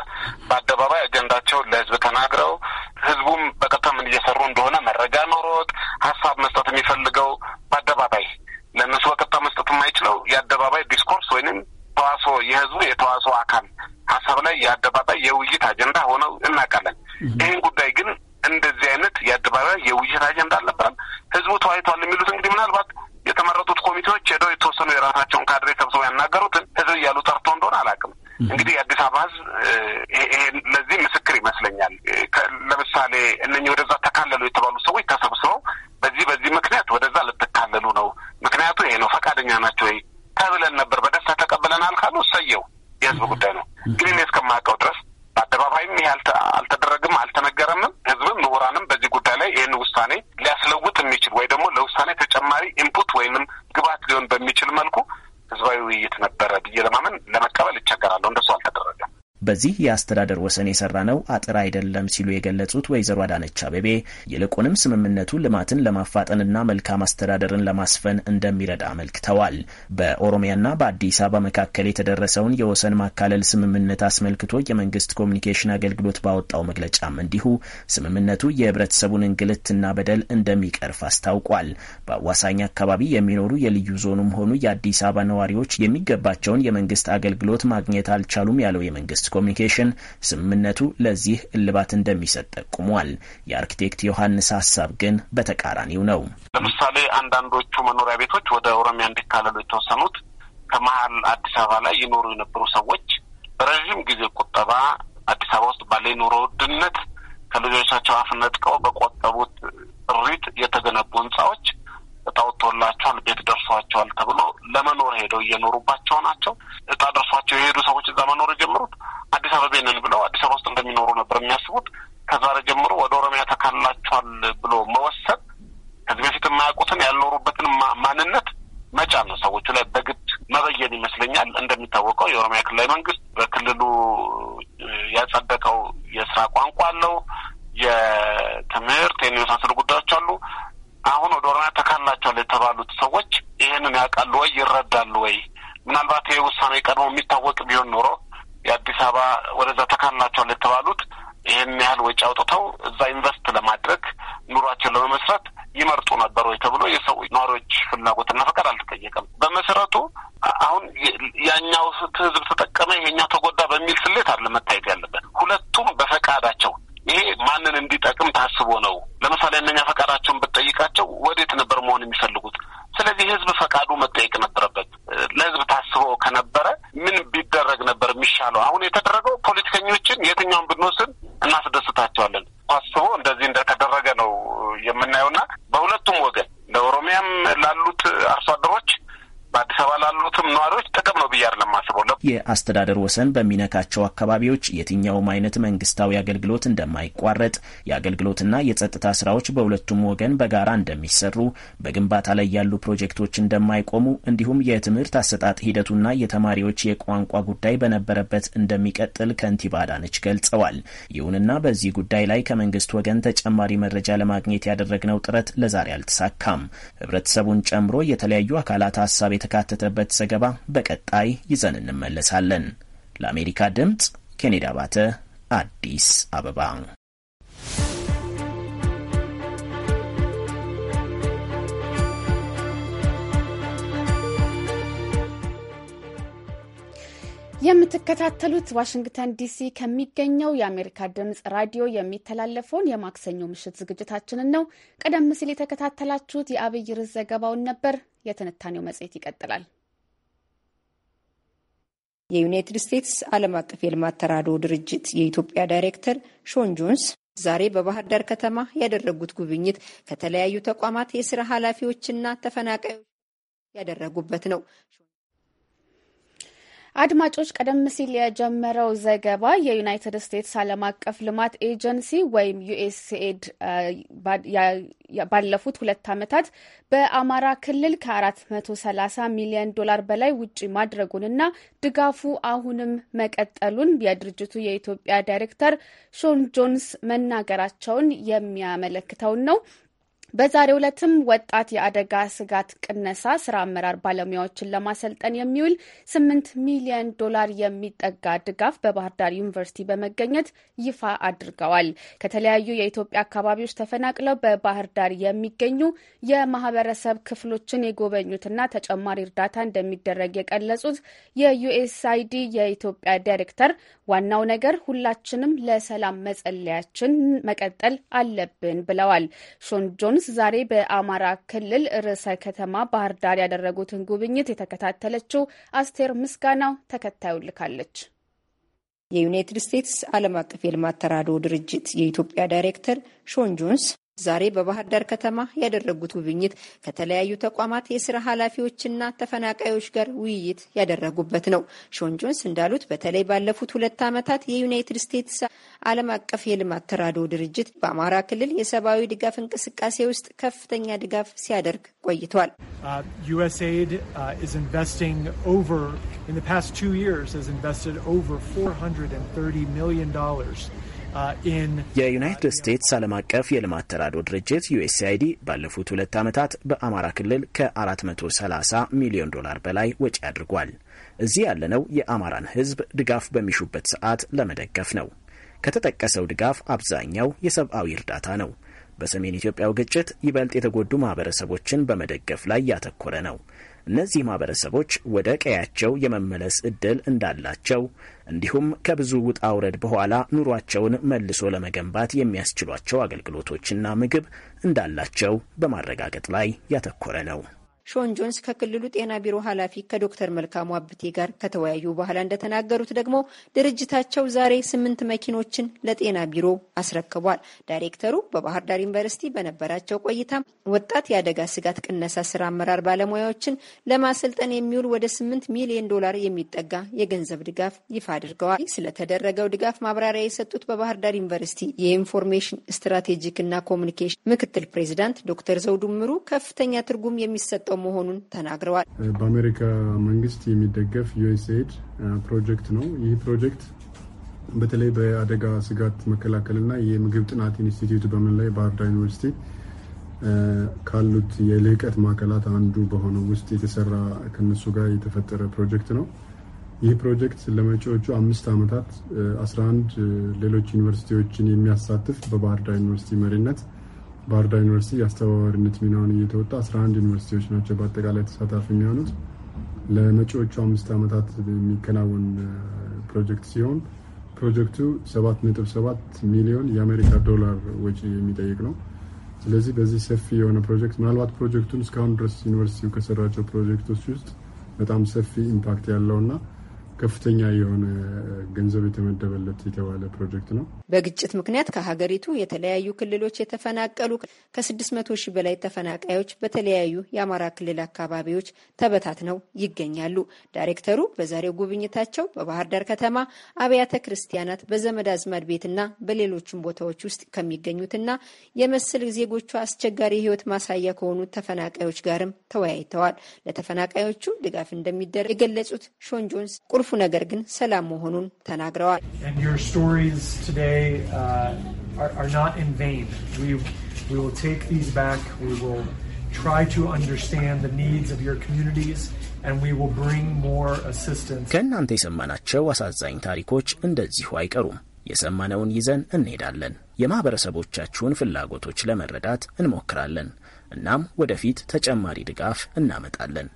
በዚህ የአስተዳደር ወሰን የሰራ ነው አጥር አይደለም ሲሉ የገለጹት ወይዘሮ አዳነች አቤቤ ይልቁንም ስምምነቱ ልማትን ለማፋጠንና መልካም አስተዳደርን ለማስፈን እንደሚረዳ አመልክተዋል። በኦሮሚያና በአዲስ አበባ መካከል የተደረሰውን የወሰን ማካለል ስምምነት አስመልክቶ የመንግስት ኮሚኒኬሽን አገልግሎት ባወጣው መግለጫም እንዲሁ ስምምነቱ የህብረተሰቡን እንግልትና በደል እንደሚቀርፍ አስታውቋል። በአዋሳኝ አካባቢ የሚኖሩ የልዩ ዞኑም ሆኑ የአዲስ አበባ ነዋሪዎች የሚገባቸውን የመንግስት አገልግሎት ማግኘት አልቻሉም ያለው የመንግስት ኮሚኒኬሽን ስምምነቱ ለዚህ እልባት እንደሚሰጥ ጠቁሟል። የአርኪቴክት ዮሐንስ ሀሳብ ግን በተቃራኒው ነው። ለምሳሌ አንዳንዶቹ መኖሪያ ቤቶች ወደ ኦሮሚያ እንዲካለሉ የተወሰኑት ከመሀል አዲስ አበባ ላይ ይኖሩ የነበሩ ሰዎች በረዥም ጊዜ ቁጠባ አዲስ አበባ ውስጥ ባለ ኑሮ ውድነት ከልጆቻቸው አፍ ነጥቀው በቆጠቡት ያላቸዋል፣ ቤት ደርሷቸዋል ተብሎ ለመኖር ሄደው እየኖሩባቸው ናቸው። እጣ ደርሷቸው የሄዱ ሰዎች እዛ መኖር የጀመሩት አዲስ አበባ ነን ብለው አዲስ አበባ ውስጥ እንደሚኖሩ ነበር የሚያስቡት። ከዛሬ ጀምሮ ወደ ኦሮሚያ ተካላቸዋል ብሎ መወሰን ከዚህ በፊት የማያውቁትን ያልኖሩበትን ማንነት መጫን ነው ሰዎቹ ላይ በግድ መበየን ይመስለኛል። እንደሚታወቀው የኦሮሚያ ክልላዊ መንግስት በክልሉ ያጸደቀው የስራ ቋንቋ አለው። የትምህርት የመሳሰሉ መሆኑን ያውቃሉ ወይ? ይረዳሉ ወይ? ምናልባት ይህ ውሳኔ ቀድሞ የሚታወቅ ቢሆን ኖሮ የአዲስ አበባ ወደዛ ተካልናቸዋል የተባሉት ይህን ያህል ወጪ አውጥተው እዛ ኢንቨስት ለማድረግ ኑሯቸውን ለመመስረት ይመርጡ ነበር ወይ ተብሎ የሰው ነዋሪዎች ፍላጎትና ፈቃድ አልተጠየቀም። በመሰረቱ አሁን ያኛው ህዝብ ተጠቀመ፣ ይሄኛው ተጎዳ በሚል ስሌት አለ መታየት ያለበት። ሁለቱም በፈቃዳቸው ይሄ ማንን እንዲጠቅም ታስቦ ነው። ለምሳሌ እነኛ ፈቃዳቸውን የትኛውን ብንወስድ አስተዳደር ወሰን በሚነካቸው አካባቢዎች የትኛውም አይነት መንግስታዊ አገልግሎት እንደማይቋረጥ፣ የአገልግሎትና የጸጥታ ስራዎች በሁለቱም ወገን በጋራ እንደሚሰሩ፣ በግንባታ ላይ ያሉ ፕሮጀክቶች እንደማይቆሙ፣ እንዲሁም የትምህርት አሰጣጥ ሂደቱና የተማሪዎች የቋንቋ ጉዳይ በነበረበት እንደሚቀጥል ከንቲባ አዳነች ገልጸዋል። ይሁንና በዚህ ጉዳይ ላይ ከመንግስት ወገን ተጨማሪ መረጃ ለማግኘት ያደረግነው ጥረት ለዛሬ አልተሳካም። ህብረተሰቡን ጨምሮ የተለያዩ አካላት ሀሳብ የተካተተበት ዘገባ በቀጣይ ይዘን እንመለሳለን። እንጠብቃለን። ለአሜሪካ ድምፅ ኬኔዲ አባተ አዲስ አበባ። የምትከታተሉት ዋሽንግተን ዲሲ ከሚገኘው የአሜሪካ ድምፅ ራዲዮ የሚተላለፈውን የማክሰኞ ምሽት ዝግጅታችንን ነው። ቀደም ሲል የተከታተላችሁት የአብይ ርዕስ ዘገባውን ነበር። የትንታኔው መጽሔት ይቀጥላል። የዩናይትድ ስቴትስ ዓለም አቀፍ የልማት ተራድኦ ድርጅት የኢትዮጵያ ዳይሬክተር ሾን ጆንስ ዛሬ በባህር ዳር ከተማ ያደረጉት ጉብኝት ከተለያዩ ተቋማት የስራ ኃላፊዎችና ተፈናቃዮች ያደረጉበት ነው። አድማጮች ቀደም ሲል የጀመረው ዘገባ የዩናይትድ ስቴትስ ዓለም አቀፍ ልማት ኤጀንሲ ወይም ዩኤስኤድ ባለፉት ሁለት ዓመታት በአማራ ክልል ከ430 ሚሊዮን ዶላር በላይ ውጪ ማድረጉንና ድጋፉ አሁንም መቀጠሉን የድርጅቱ የኢትዮጵያ ዳይሬክተር ሾን ጆንስ መናገራቸውን የሚያመለክተውን ነው። በዛሬው ዕለትም ወጣት የአደጋ ስጋት ቅነሳ ስራ አመራር ባለሙያዎችን ለማሰልጠን የሚውል ስምንት ሚሊዮን ዶላር የሚጠጋ ድጋፍ በባህር ዳር ዩኒቨርሲቲ በመገኘት ይፋ አድርገዋል። ከተለያዩ የኢትዮጵያ አካባቢዎች ተፈናቅለው በባህር ዳር የሚገኙ የማህበረሰብ ክፍሎችን የጎበኙትና ተጨማሪ እርዳታ እንደሚደረግ የቀለጹት የዩኤስአይዲ የኢትዮጵያ ዳይሬክተር ዋናው ነገር ሁላችንም ለሰላም መጸለያችን መቀጠል አለብን ብለዋል። ሾን ጆንስ ቢያንስ ዛሬ በአማራ ክልል ርዕሰ ከተማ ባህር ዳር ያደረጉትን ጉብኝት የተከታተለችው አስቴር ምስጋናው ተከታዩ ልካለች። የዩናይትድ ስቴትስ ዓለም አቀፍ የልማት ተራድኦ ድርጅት የኢትዮጵያ ዳይሬክተር ሾን ጆንስ ዛሬ በባህር ዳር ከተማ ያደረጉት ጉብኝት ከተለያዩ ተቋማት የስራ ኃላፊዎችና ተፈናቃዮች ጋር ውይይት ያደረጉበት ነው። ሾን ጆንስ እንዳሉት በተለይ ባለፉት ሁለት ዓመታት የዩናይትድ ስቴትስ ዓለም አቀፍ የልማት ተራድኦ ድርጅት በአማራ ክልል የሰብአዊ ድጋፍ እንቅስቃሴ ውስጥ ከፍተኛ ድጋፍ ሲያደርግ ቆይቷል። ዩኤስኤይድ uh, Uh, የዩናይትድ ስቴትስ ዓለም አቀፍ የልማት ተራድኦ ድርጅት ዩኤስአይዲ ባለፉት ሁለት ዓመታት በአማራ ክልል ከ430 ሚሊዮን ዶላር በላይ ወጪ አድርጓል። እዚህ ያለነው የአማራን ሕዝብ ድጋፍ በሚሹበት ሰዓት ለመደገፍ ነው። ከተጠቀሰው ድጋፍ አብዛኛው የሰብአዊ እርዳታ ነው። በሰሜን ኢትዮጵያው ግጭት ይበልጥ የተጎዱ ማህበረሰቦችን በመደገፍ ላይ ያተኮረ ነው። እነዚህ ማህበረሰቦች ወደ ቀያቸው የመመለስ እድል እንዳላቸው እንዲሁም ከብዙ ውጣ ውረድ በኋላ ኑሯቸውን መልሶ ለመገንባት የሚያስችሏቸው አገልግሎቶችና ምግብ እንዳላቸው በማረጋገጥ ላይ ያተኮረ ነው። ሾን ጆንስ ከክልሉ ጤና ቢሮ ኃላፊ ከዶክተር መልካሙ አብቴ ጋር ከተወያዩ በኋላ እንደተናገሩት ደግሞ ድርጅታቸው ዛሬ ስምንት መኪኖችን ለጤና ቢሮ አስረክቧል። ዳይሬክተሩ በባህር ዳር ዩኒቨርሲቲ በነበራቸው ቆይታ ወጣት የአደጋ ስጋት ቅነሳ ስራ አመራር ባለሙያዎችን ለማሰልጠን የሚውል ወደ ስምንት ሚሊዮን ዶላር የሚጠጋ የገንዘብ ድጋፍ ይፋ አድርገዋል። ስለተደረገው ድጋፍ ማብራሪያ የሰጡት በባህር ዳር ዩኒቨርሲቲ የኢንፎርሜሽን ስትራቴጂክ እና ኮሚኒኬሽን ምክትል ፕሬዚዳንት ዶክተር ዘውዱ ምሩ ከፍተኛ ትርጉም የሚሰጠው እየተሰጠው መሆኑን ተናግረዋል። በአሜሪካ መንግስት የሚደገፍ ዩኤስኤድ ፕሮጀክት ነው። ይህ ፕሮጀክት በተለይ በአደጋ ስጋት መከላከልና የምግብ ጥናት ኢንስቲትዩት በምን ላይ ባህር ዩኒቨርሲቲ ካሉት የልህቀት ማዕከላት አንዱ በሆነው ውስጥ የተሰራ ከነሱ ጋር የተፈጠረ ፕሮጀክት ነው። ይህ ፕሮጀክት ለመጪዎቹ አምስት ዓመታት 11 ሌሎች ዩኒቨርሲቲዎችን የሚያሳትፍ በባህር ዳር ዩኒቨርሲቲ መሪነት ባህር ዳር ዩኒቨርሲቲ የአስተባባሪነት ሚናውን እየተወጣ 11 ዩኒቨርሲቲዎች ናቸው በአጠቃላይ ተሳታፊ የሚሆኑት። ለመጪዎቹ አምስት ዓመታት የሚከናወን ፕሮጀክት ሲሆን ፕሮጀክቱ 7.7 ሚሊዮን የአሜሪካ ዶላር ወጪ የሚጠይቅ ነው። ስለዚህ በዚህ ሰፊ የሆነ ፕሮጀክት ምናልባት ፕሮጀክቱን እስካሁን ድረስ ዩኒቨርሲቲው ከሰራቸው ፕሮጀክቶች ውስጥ በጣም ሰፊ ኢምፓክት ያለውና ከፍተኛ የሆነ ገንዘብ የተመደበለት የተባለ ፕሮጀክት ነው። በግጭት ምክንያት ከሀገሪቱ የተለያዩ ክልሎች የተፈናቀሉ ከ600 ሺህ በላይ ተፈናቃዮች በተለያዩ የአማራ ክልል አካባቢዎች ተበታትነው ይገኛሉ። ዳይሬክተሩ በዛሬው ጉብኝታቸው በባህር ዳር ከተማ አብያተ ክርስቲያናት በዘመድ አዝማድ ቤትና በሌሎችም ቦታዎች ውስጥ ከሚገኙትና የመሰል ዜጎቹ አስቸጋሪ የህይወት ማሳያ ከሆኑ ተፈናቃዮች ጋርም ተወያይተዋል። ለተፈናቃዮቹ ድጋፍ እንደሚደረግ የገለጹት ሾን ጆንስ ቁልፉ ቁልፉ ነገር ግን ሰላም መሆኑን ተናግረዋል። uh, ከእናንተ የሰማናቸው አሳዛኝ ታሪኮች እንደዚሁ አይቀሩም። የሰማነውን ይዘን እንሄዳለን። የማኅበረሰቦቻችሁን ፍላጎቶች ለመረዳት እንሞክራለን። እናም ወደፊት ተጨማሪ ድጋፍ እናመጣለን።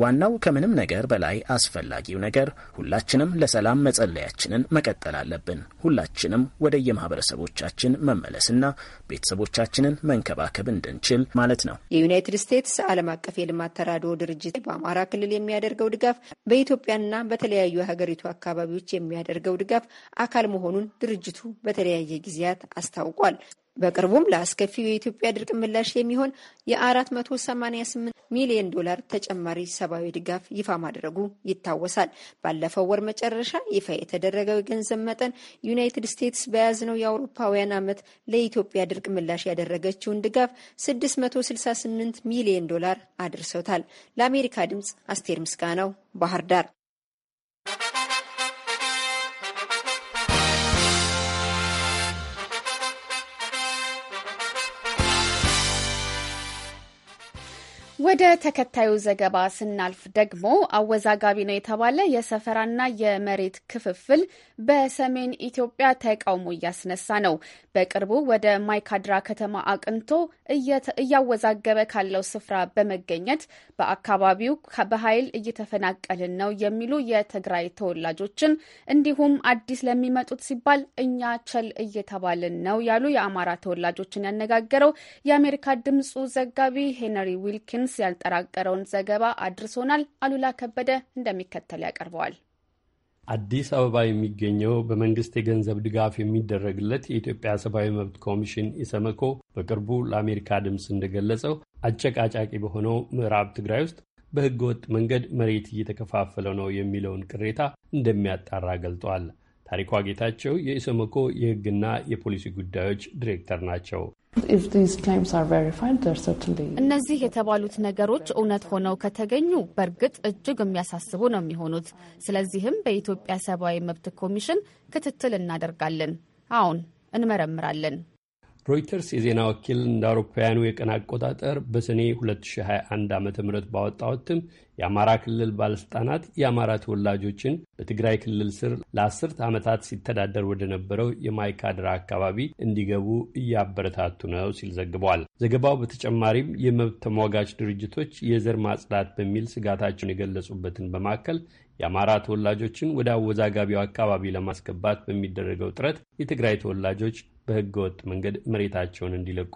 ዋናው ከምንም ነገር በላይ አስፈላጊው ነገር ሁላችንም ለሰላም መጸለያችንን መቀጠል አለብን። ሁላችንም ወደ የማህበረሰቦቻችን መመለስና ቤተሰቦቻችንን መንከባከብ እንድንችል ማለት ነው። የዩናይትድ ስቴትስ ዓለም አቀፍ የልማት ተራድኦ ድርጅት በአማራ ክልል የሚያደርገው ድጋፍ በኢትዮጵያና በተለያዩ የሀገሪቱ አካባቢዎች የሚያደርገው ድጋፍ አካል መሆኑን ድርጅቱ በተለያየ ጊዜያት አስታውቋል። በቅርቡም ለአስከፊው የኢትዮጵያ ድርቅ ምላሽ የሚሆን የ488 ሚሊዮን ዶላር ተጨማሪ ሰብአዊ ድጋፍ ይፋ ማድረጉ ይታወሳል። ባለፈው ወር መጨረሻ ይፋ የተደረገው የገንዘብ መጠን ዩናይትድ ስቴትስ በያዝነው የአውሮፓውያን ዓመት ለኢትዮጵያ ድርቅ ምላሽ ያደረገችውን ድጋፍ 668 ሚሊዮን ዶላር አድርሶታል። ለአሜሪካ ድምፅ አስቴር ምስጋናው ባህር ዳር ወደ ተከታዩ ዘገባ ስናልፍ ደግሞ አወዛጋቢ ነው የተባለ የሰፈራና የመሬት ክፍፍል በሰሜን ኢትዮጵያ ተቃውሞ እያስነሳ ነው። በቅርቡ ወደ ማይካድራ ከተማ አቅንቶ እያወዛገበ ካለው ስፍራ በመገኘት በአካባቢው በኃይል እየተፈናቀልን ነው የሚሉ የትግራይ ተወላጆችን እንዲሁም አዲስ ለሚመጡት ሲባል እኛ ቸል እየተባልን ነው ያሉ የአማራ ተወላጆችን ያነጋገረው የአሜሪካ ድምጹ ዘጋቢ ሄነሪ ዊልኪንስ ቢያንስ ያልጠራቀረውን ዘገባ አድርሶናል። አሉላ ከበደ እንደሚከተል ያቀርበዋል። አዲስ አበባ የሚገኘው በመንግስት የገንዘብ ድጋፍ የሚደረግለት የኢትዮጵያ ሰብአዊ መብት ኮሚሽን ኢሰመኮ በቅርቡ ለአሜሪካ ድምፅ እንደገለጸው አጨቃጫቂ በሆነው ምዕራብ ትግራይ ውስጥ በህገወጥ መንገድ መሬት እየተከፋፈለ ነው የሚለውን ቅሬታ እንደሚያጣራ ገልጧል። ታሪኳ ጌታቸው የኢሰመኮ የሕግና የፖሊሲ ጉዳዮች ዲሬክተር ናቸው። እነዚህ የተባሉት ነገሮች እውነት ሆነው ከተገኙ በእርግጥ እጅግ የሚያሳስቡ ነው የሚሆኑት። ስለዚህም በኢትዮጵያ ሰብአዊ መብት ኮሚሽን ክትትል እናደርጋለን። አሁን እንመረምራለን። ሮይተርስ የዜና ወኪል እንደ አውሮፓውያኑ የቀን አቆጣጠር በሰኔ 2021 ዓ ም ባወጣው እትም የአማራ ክልል ባለስልጣናት የአማራ ተወላጆችን በትግራይ ክልል ስር ለአስርት ዓመታት ሲተዳደር ወደ ነበረው የማይካድራ አካባቢ እንዲገቡ እያበረታቱ ነው ሲል ዘግቧል። ዘገባው በተጨማሪም የመብት ተሟጋች ድርጅቶች የዘር ማጽዳት በሚል ስጋታቸውን የገለጹበትን በማከል የአማራ ተወላጆችን ወደ አወዛጋቢው አካባቢ ለማስገባት በሚደረገው ጥረት የትግራይ ተወላጆች በህገወጥ መንገድ መሬታቸውን እንዲለቁ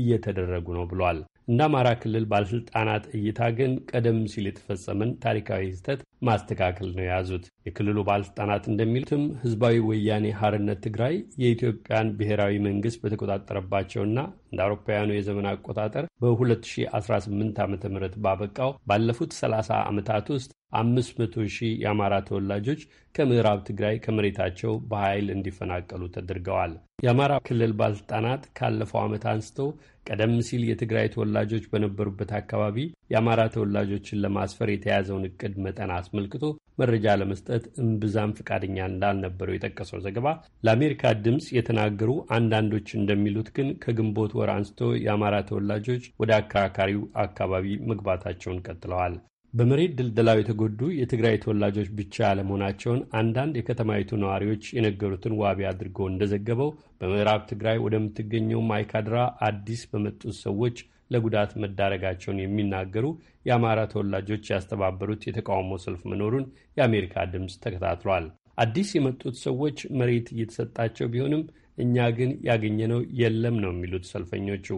እየተደረጉ ነው ብሏል። እንደ አማራ ክልል ባለሥልጣናት እይታ ግን ቀደም ሲል የተፈጸመን ታሪካዊ ስህተት ማስተካከል ነው የያዙት። የክልሉ ባለሥልጣናት እንደሚሉትም ህዝባዊ ወያኔ ሐርነት ትግራይ የኢትዮጵያን ብሔራዊ መንግሥት በተቆጣጠረባቸውና እንደ አውሮፓውያኑ የዘመን አቆጣጠር በ2018 ዓ ም ባበቃው ባለፉት 30 ዓመታት ውስጥ 500 ሺህ የአማራ ተወላጆች ከምዕራብ ትግራይ ከመሬታቸው በኃይል እንዲፈናቀሉ ተደርገዋል። የአማራ ክልል ባለስልጣናት ካለፈው ዓመት አንስተው ቀደም ሲል የትግራይ ተወላጆች በነበሩበት አካባቢ የአማራ ተወላጆችን ለማስፈር የተያዘውን እቅድ መጠን አስመልክቶ መረጃ ለመስጠት እምብዛም ፈቃደኛ እንዳልነበረው የጠቀሰው ዘገባ ለአሜሪካ ድምፅ የተናገሩ አንዳንዶች እንደሚሉት ግን ከግንቦት ወር ወር አንስቶ የአማራ ተወላጆች ወደ አከራካሪው አካባቢ መግባታቸውን ቀጥለዋል። በመሬት ድልድላው የተጎዱ የትግራይ ተወላጆች ብቻ ያለመሆናቸውን አንዳንድ የከተማይቱ ነዋሪዎች የነገሩትን ዋቢ አድርጎ እንደዘገበው በምዕራብ ትግራይ ወደምትገኘው ማይካድራ አዲስ በመጡት ሰዎች ለጉዳት መዳረጋቸውን የሚናገሩ የአማራ ተወላጆች ያስተባበሩት የተቃውሞ ሰልፍ መኖሩን የአሜሪካ ድምፅ ተከታትሏል። አዲስ የመጡት ሰዎች መሬት እየተሰጣቸው ቢሆንም እኛ ግን ያገኘነው የለም ነው የሚሉት ሰልፈኞቹ።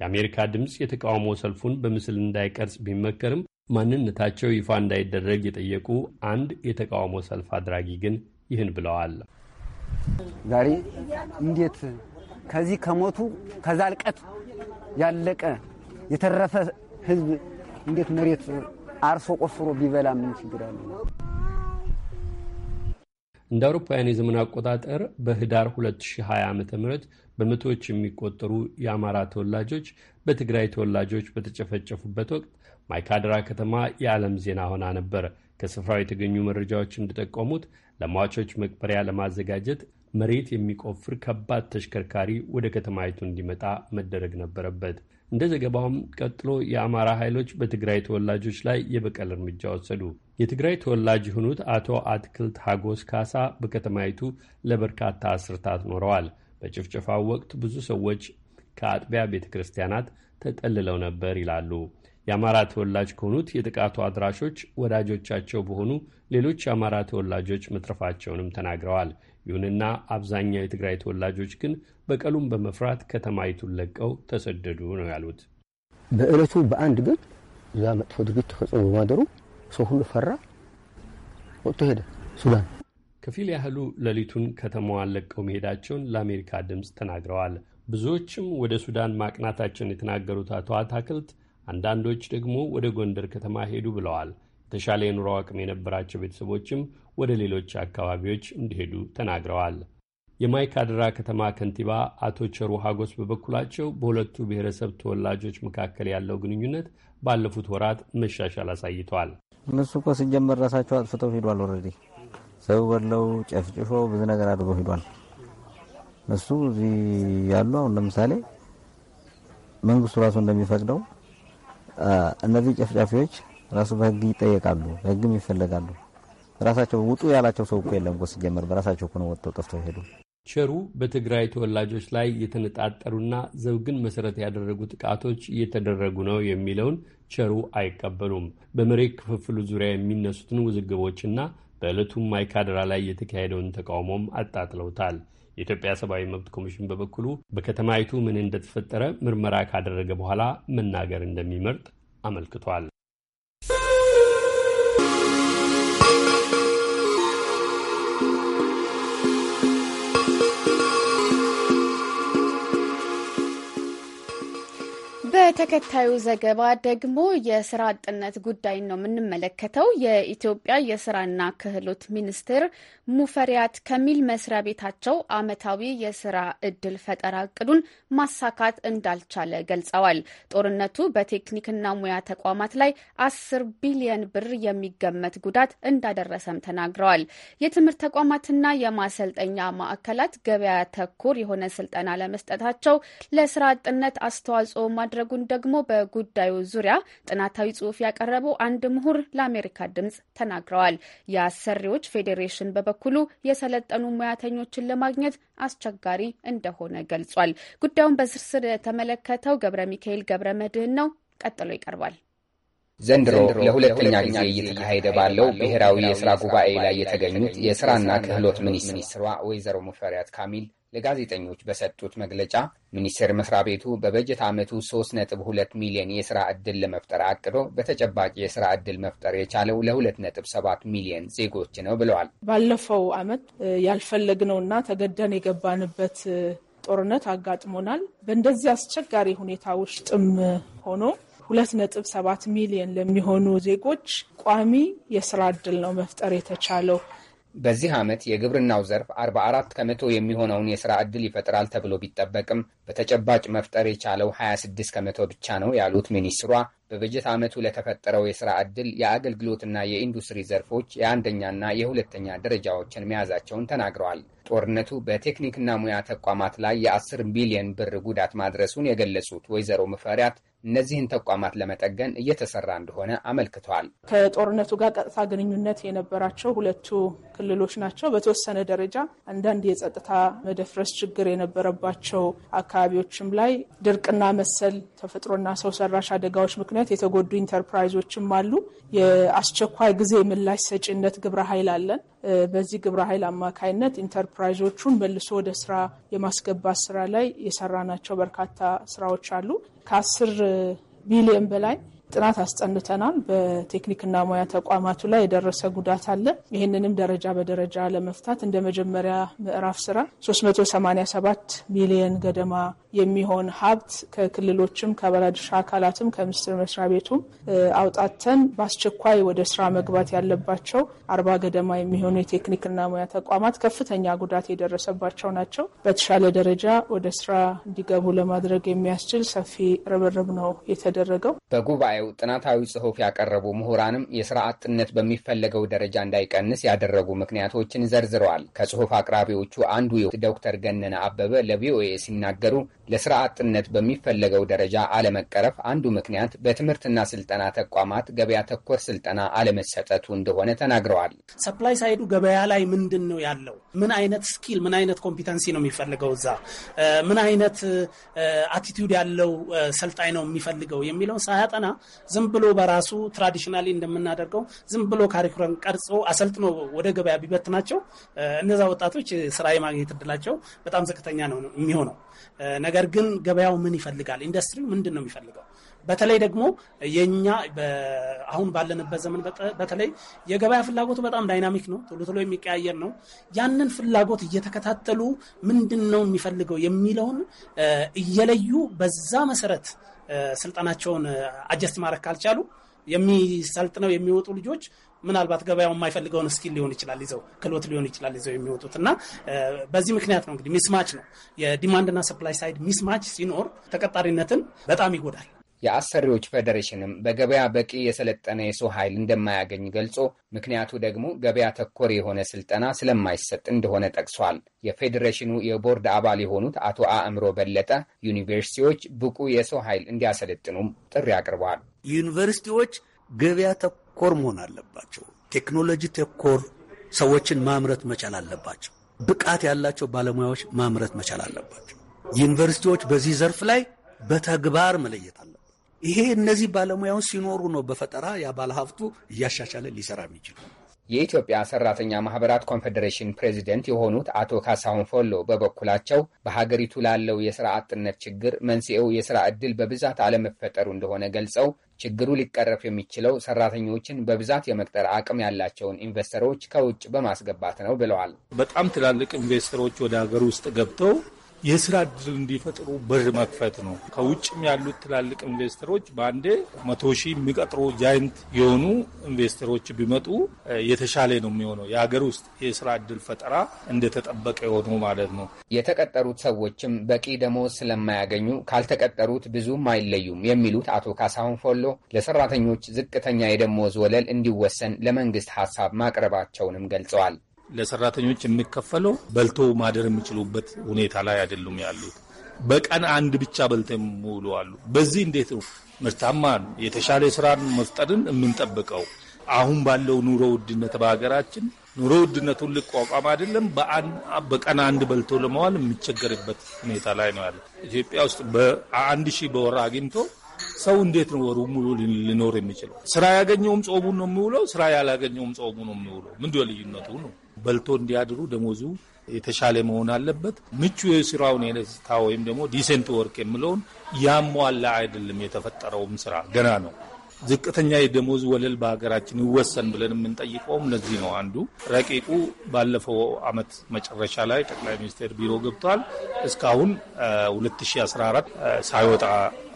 የአሜሪካ ድምፅ የተቃውሞ ሰልፉን በምስል እንዳይቀርጽ ቢመከርም ማንነታቸው ይፋ እንዳይደረግ የጠየቁ አንድ የተቃውሞ ሰልፍ አድራጊ ግን ይህን ብለዋል። ዛሬ እንዴት ከዚህ ከሞቱ ከዛ ልቀት ያለቀ የተረፈ ህዝብ እንዴት መሬት አርሶ ቆፍሮ ቢበላ ምን ችግር አለ? እንደ አውሮፓውያን የዘመን አቆጣጠር በህዳር 2020 ዓ ም በመቶዎች የሚቆጠሩ የአማራ ተወላጆች በትግራይ ተወላጆች በተጨፈጨፉበት ወቅት ማይካድራ ከተማ የዓለም ዜና ሆና ነበር። ከስፍራው የተገኙ መረጃዎች እንደጠቆሙት ለሟቾች መቅበሪያ ለማዘጋጀት መሬት የሚቆፍር ከባድ ተሽከርካሪ ወደ ከተማይቱ እንዲመጣ መደረግ ነበረበት። እንደ ዘገባውም ቀጥሎ የአማራ ኃይሎች በትግራይ ተወላጆች ላይ የበቀል እርምጃ ወሰዱ። የትግራይ ተወላጅ የሆኑት አቶ አትክልት ሀጎስ ካሳ በከተማይቱ ለበርካታ አስርታት ኖረዋል። በጭፍጨፋው ወቅት ብዙ ሰዎች ከአጥቢያ ቤተ ክርስቲያናት ተጠልለው ነበር ይላሉ። የአማራ ተወላጅ ከሆኑት የጥቃቱ አድራሾች ወዳጆቻቸው በሆኑ ሌሎች የአማራ ተወላጆች መትረፋቸውንም ተናግረዋል። ይሁንና አብዛኛው የትግራይ ተወላጆች ግን በቀሉም በመፍራት ከተማይቱን ለቀው ተሰደዱ ነው ያሉት። በእለቱ በአንድ ግን እዛ መጥፎ ድርጊት ተፈጽሞ በማደሩ ሰው ሁሉ ፈራ፣ ወጥቶ ሄደ ሱዳን። ከፊል ያህሉ ሌሊቱን ከተማዋን ለቀው መሄዳቸውን ለአሜሪካ ድምፅ ተናግረዋል። ብዙዎችም ወደ ሱዳን ማቅናታቸውን የተናገሩት አቶ አታክልት አንዳንዶች ደግሞ ወደ ጎንደር ከተማ ሄዱ ብለዋል። የተሻለ የኑሮ አቅም የነበራቸው ቤተሰቦችም ወደ ሌሎች አካባቢዎች እንዲሄዱ ተናግረዋል። የማይካድራ ከተማ ከንቲባ አቶ ቸሩ ሀጎስ በበኩላቸው በሁለቱ ብሔረሰብ ተወላጆች መካከል ያለው ግንኙነት ባለፉት ወራት መሻሻል አሳይተዋል። እነሱ እኮ ሲጀመር ራሳቸው አጥፍተው ሂዷል። ወረዴ ሰው ገድለው ጨፍጭፎ ብዙ ነገር አድርገው ሂዷል። እነሱ እዚህ ያሉ አሁን ለምሳሌ መንግስቱ ራሱ እንደሚፈቅደው እነዚህ ጨፍጫፊዎች ራሱ በህግ ይጠየቃሉ፣ በህግም ይፈለጋሉ። ራሳቸው ውጡ ያላቸው ሰው እኮ የለም እኮ ሲጀመር በራሳቸው እኮ ነው ወጥተው ጠፍተው ሄዱ። ቸሩ በትግራይ ተወላጆች ላይ የተነጣጠሩና ዘውግን መሰረት ያደረጉ ጥቃቶች እየተደረጉ ነው የሚለውን ቸሩ አይቀበሉም። በመሬት ክፍፍሉ ዙሪያ የሚነሱትን ውዝግቦችና በዕለቱም ማይካድራ ላይ የተካሄደውን ተቃውሞም አጣጥለውታል። የኢትዮጵያ ሰብአዊ መብት ኮሚሽን በበኩሉ በከተማይቱ ምን እንደተፈጠረ ምርመራ ካደረገ በኋላ መናገር እንደሚመርጥ አመልክቷል። ተከታዩ ዘገባ ደግሞ የስራ አጥነት ጉዳይን ነው የምንመለከተው። የኢትዮጵያ የስራና ክህሎት ሚኒስትር ሙፈሪያት ከሚል መስሪያ ቤታቸው አመታዊ የስራ እድል ፈጠራ እቅዱን ማሳካት እንዳልቻለ ገልጸዋል። ጦርነቱ በቴክኒክና ሙያ ተቋማት ላይ አስር ቢሊየን ብር የሚገመት ጉዳት እንዳደረሰም ተናግረዋል። የትምህርት ተቋማትና የማሰልጠኛ ማዕከላት ገበያ ተኮር የሆነ ስልጠና ለመስጠታቸው ለስራ አጥነት አስተዋጽኦ ማድረጉን ደግሞ በጉዳዩ ዙሪያ ጥናታዊ ጽሑፍ ያቀረቡ አንድ ምሁር ለአሜሪካ ድምጽ ተናግረዋል። የአሰሪዎች ፌዴሬሽን በበኩሉ የሰለጠኑ ሙያተኞችን ለማግኘት አስቸጋሪ እንደሆነ ገልጿል። ጉዳዩን በስርስር የተመለከተው ገብረ ሚካኤል ገብረ መድህን ነው። ቀጥሎ ይቀርባል። ዘንድሮ ለሁለተኛ ጊዜ እየተካሄደ ባለው ብሔራዊ የስራ ጉባኤ ላይ የተገኙት የስራና ክህሎት ሚኒስትሯ ወይዘሮ ሙፈሪያት ካሚል ለጋዜጠኞች በሰጡት መግለጫ ሚኒስቴር መስሪያ ቤቱ በበጀት ዓመቱ 3.2 ሚሊዮን የሥራ ዕድል ለመፍጠር አቅዶ በተጨባጭ የሥራ ዕድል መፍጠር የቻለው ለ2.7 ሚሊዮን ዜጎች ነው ብለዋል። ባለፈው ዓመት ያልፈለግነውና ተገደን የገባንበት ጦርነት አጋጥሞናል። በእንደዚህ አስቸጋሪ ሁኔታ ውስጥም ሆኖ 2.7 ሚሊዮን ለሚሆኑ ዜጎች ቋሚ የስራ ዕድል ነው መፍጠር የተቻለው። በዚህ ዓመት የግብርናው ዘርፍ 44 ከመቶ የሚሆነውን የሥራ ዕድል ይፈጥራል ተብሎ ቢጠበቅም በተጨባጭ መፍጠር የቻለው 26 ከመቶ ብቻ ነው ያሉት ሚኒስትሯ በበጀት ዓመቱ ለተፈጠረው የሥራ ዕድል የአገልግሎትና የኢንዱስትሪ ዘርፎች የአንደኛና የሁለተኛ ደረጃዎችን መያዛቸውን ተናግረዋል። ጦርነቱ በቴክኒክና ሙያ ተቋማት ላይ የአስር ቢሊዮን ብር ጉዳት ማድረሱን የገለጹት ወይዘሮ ምፈሪያት እነዚህን ተቋማት ለመጠገን እየተሰራ እንደሆነ አመልክተዋል። ከጦርነቱ ጋር ቀጥታ ግንኙነት የነበራቸው ሁለቱ ክልሎች ናቸው። በተወሰነ ደረጃ አንዳንድ የጸጥታ መደፍረስ ችግር የነበረባቸው አካባቢዎችም ላይ ድርቅና መሰል ተፈጥሮና ሰው ሰራሽ አደጋዎች ምክንያት የተጎዱ ኢንተርፕራይዞችም አሉ። የአስቸኳይ ጊዜ ምላሽ ሰጪነት ግብረ ኃይል አለን። በዚህ ግብረ ኃይል አማካይነት ኢንተር ኢንተርፕራይዞቹን መልሶ ወደ ስራ የማስገባት ስራ ላይ የሰራናቸው በርካታ ስራዎች አሉ። ከአስር ቢሊዮን በላይ ጥናት አስጠንተናል። በቴክኒክና ሙያ ተቋማቱ ላይ የደረሰ ጉዳት አለ። ይህንንም ደረጃ በደረጃ ለመፍታት እንደ መጀመሪያ ምዕራፍ ስራ 387 ሚሊየን ገደማ የሚሆን ሀብት ከክልሎችም ከባለድርሻ አካላትም ከሚኒስቴር መስሪያ ቤቱም አውጣተን በአስቸኳይ ወደ ስራ መግባት ያለባቸው አርባ ገደማ የሚሆኑ የቴክኒክና ሙያ ተቋማት ከፍተኛ ጉዳት የደረሰባቸው ናቸው። በተሻለ ደረጃ ወደ ስራ እንዲገቡ ለማድረግ የሚያስችል ሰፊ ርብርብ ነው የተደረገው። በጉባኤው ጥናታዊ ጽሁፍ ያቀረቡ ምሁራንም የስራ አጥነት በሚፈለገው ደረጃ እንዳይቀንስ ያደረጉ ምክንያቶችን ዘርዝረዋል። ከጽሁፍ አቅራቢዎቹ አንዱ ዶክተር ገነነ አበበ ለቪኦኤ ሲናገሩ ለስራ አጥነት በሚፈለገው ደረጃ አለመቀረፍ አንዱ ምክንያት በትምህርትና ስልጠና ተቋማት ገበያ ተኮር ስልጠና አለመሰጠቱ እንደሆነ ተናግረዋል። ሰፕላይ ሳይዱ ገበያ ላይ ምንድን ነው ያለው? ምን አይነት ስኪል፣ ምን አይነት ኮምፒተንሲ ነው የሚፈልገው? እዛ ምን አይነት አቲቲዩድ ያለው ሰልጣኝ ነው የሚፈልገው የሚለው ሳያጠና ዝም ብሎ በራሱ ትራዲሽናሊ እንደምናደርገው ዝም ብሎ ካሪኩለም ቀርጾ አሰልጥኖ ወደ ገበያ ቢበት ናቸው እነዛ ወጣቶች ስራ የማግኘት እድላቸው በጣም ዝቅተኛ ነው የሚሆነው። ነገር ግን ገበያው ምን ይፈልጋል? ኢንዱስትሪው ምንድን ነው የሚፈልገው? በተለይ ደግሞ የኛ አሁን ባለንበት ዘመን በተለይ የገበያ ፍላጎቱ በጣም ዳይናሚክ ነው፣ ቶሎ ቶሎ የሚቀያየር ነው። ያንን ፍላጎት እየተከታተሉ ምንድን ነው የሚፈልገው የሚለውን እየለዩ በዛ መሰረት ስልጠናቸውን አጀስት ማድረግ ካልቻሉ የሚሰልጥነው የሚወጡ ልጆች ምናልባት ገበያው የማይፈልገውን ስኪል ሊሆን ይችላል ይዘው ክሎት ሊሆን ይችላል ይዘው የሚወጡት እና በዚህ ምክንያት ነው እንግዲህ ሚስማች ነው የዲማንድና ሰፕላይ ሳይድ ሚስማች ሲኖር ተቀጣሪነትን በጣም ይጎዳል። የአሰሪዎች ፌዴሬሽንም በገበያ በቂ የሰለጠነ የሰው ኃይል እንደማያገኝ ገልጾ ምክንያቱ ደግሞ ገበያ ተኮር የሆነ ስልጠና ስለማይሰጥ እንደሆነ ጠቅሷል። የፌዴሬሽኑ የቦርድ አባል የሆኑት አቶ አእምሮ በለጠ ዩኒቨርሲቲዎች ብቁ የሰው ኃይል እንዲያሰለጥኑም ጥሪ አቅርበዋል። ዩኒቨርሲቲዎች ገበያ ተኮር መሆን አለባቸው። ቴክኖሎጂ ተኮር ሰዎችን ማምረት መቻል አለባቸው። ብቃት ያላቸው ባለሙያዎች ማምረት መቻል አለባቸው። ዩኒቨርሲቲዎች በዚህ ዘርፍ ላይ በተግባር መለየት አለባቸው። ይሄ እነዚህ ባለሙያዎች ሲኖሩ ነው በፈጠራ ያ ባለሀብቱ እያሻሻለ ሊሰራ የሚችለው። የኢትዮጵያ ሰራተኛ ማህበራት ኮንፌዴሬሽን ፕሬዚደንት የሆኑት አቶ ካሳሁን ፎሎ በበኩላቸው በሀገሪቱ ላለው የስራ አጥነት ችግር መንስኤው የስራ ዕድል በብዛት አለመፈጠሩ እንደሆነ ገልጸው ችግሩ ሊቀረፍ የሚችለው ሰራተኞችን በብዛት የመቅጠር አቅም ያላቸውን ኢንቨስተሮች ከውጭ በማስገባት ነው ብለዋል። በጣም ትላልቅ ኢንቨስተሮች ወደ ሀገር ውስጥ ገብተው የስራ እድል እንዲፈጥሩ በር መክፈት ነው። ከውጭም ያሉት ትላልቅ ኢንቨስተሮች በአንዴ መቶ ሺህ የሚቀጥሩ ጃይንት የሆኑ ኢንቨስተሮች ቢመጡ የተሻለ ነው የሚሆነው። የሀገር ውስጥ የስራ እድል ፈጠራ እንደተጠበቀ የሆኑ ማለት ነው። የተቀጠሩት ሰዎችም በቂ ደሞዝ ስለማያገኙ ካልተቀጠሩት ብዙም አይለዩም የሚሉት አቶ ካሳሁን ፎሎ ለሰራተኞች ዝቅተኛ የደሞዝ ወለል እንዲወሰን ለመንግስት ሀሳብ ማቅረባቸውንም ገልጸዋል። ለሰራተኞች የሚከፈለው በልቶ ማደር የሚችሉበት ሁኔታ ላይ አይደሉም ያሉት። በቀን አንድ ብቻ በልተው የሚውሉ አሉ። በዚህ እንዴት ነው ምርታማ የተሻለ ስራን መፍጠርን የምንጠብቀው? አሁን ባለው ኑሮ ውድነት በሀገራችን ኑሮ ውድነቱን ልቋቋም አይደለም በቀን አንድ በልቶ ለመዋል የሚቸገርበት ሁኔታ ላይ ነው ያለ። ኢትዮጵያ ውስጥ በአንድ ሺህ በወር አግኝቶ ሰው እንዴት ነው ወሩ ሙሉ ሊኖር የሚችለው? ስራ ያገኘውም ጾሙ ነው የሚውለው፣ ስራ ያላገኘውም ጾሙ ነው የሚውለው። ምንድ ልዩነቱ ነው? በልቶ እንዲያድሩ ደሞዙ የተሻለ መሆን አለበት። ምቹ የስራውን የነስታ ወይም ደግሞ ዲሴንት ወርክ የምለውን ያሟላ አይደለም። የተፈጠረውም ስራ ገና ነው። ዝቅተኛ የደሞዝ ወለል በሀገራችን ይወሰን ብለን የምንጠይቀውም ለዚህ ነው። አንዱ ረቂቁ ባለፈው አመት መጨረሻ ላይ ጠቅላይ ሚኒስቴር ቢሮ ገብቷል። እስካሁን 2014 ሳይወጣ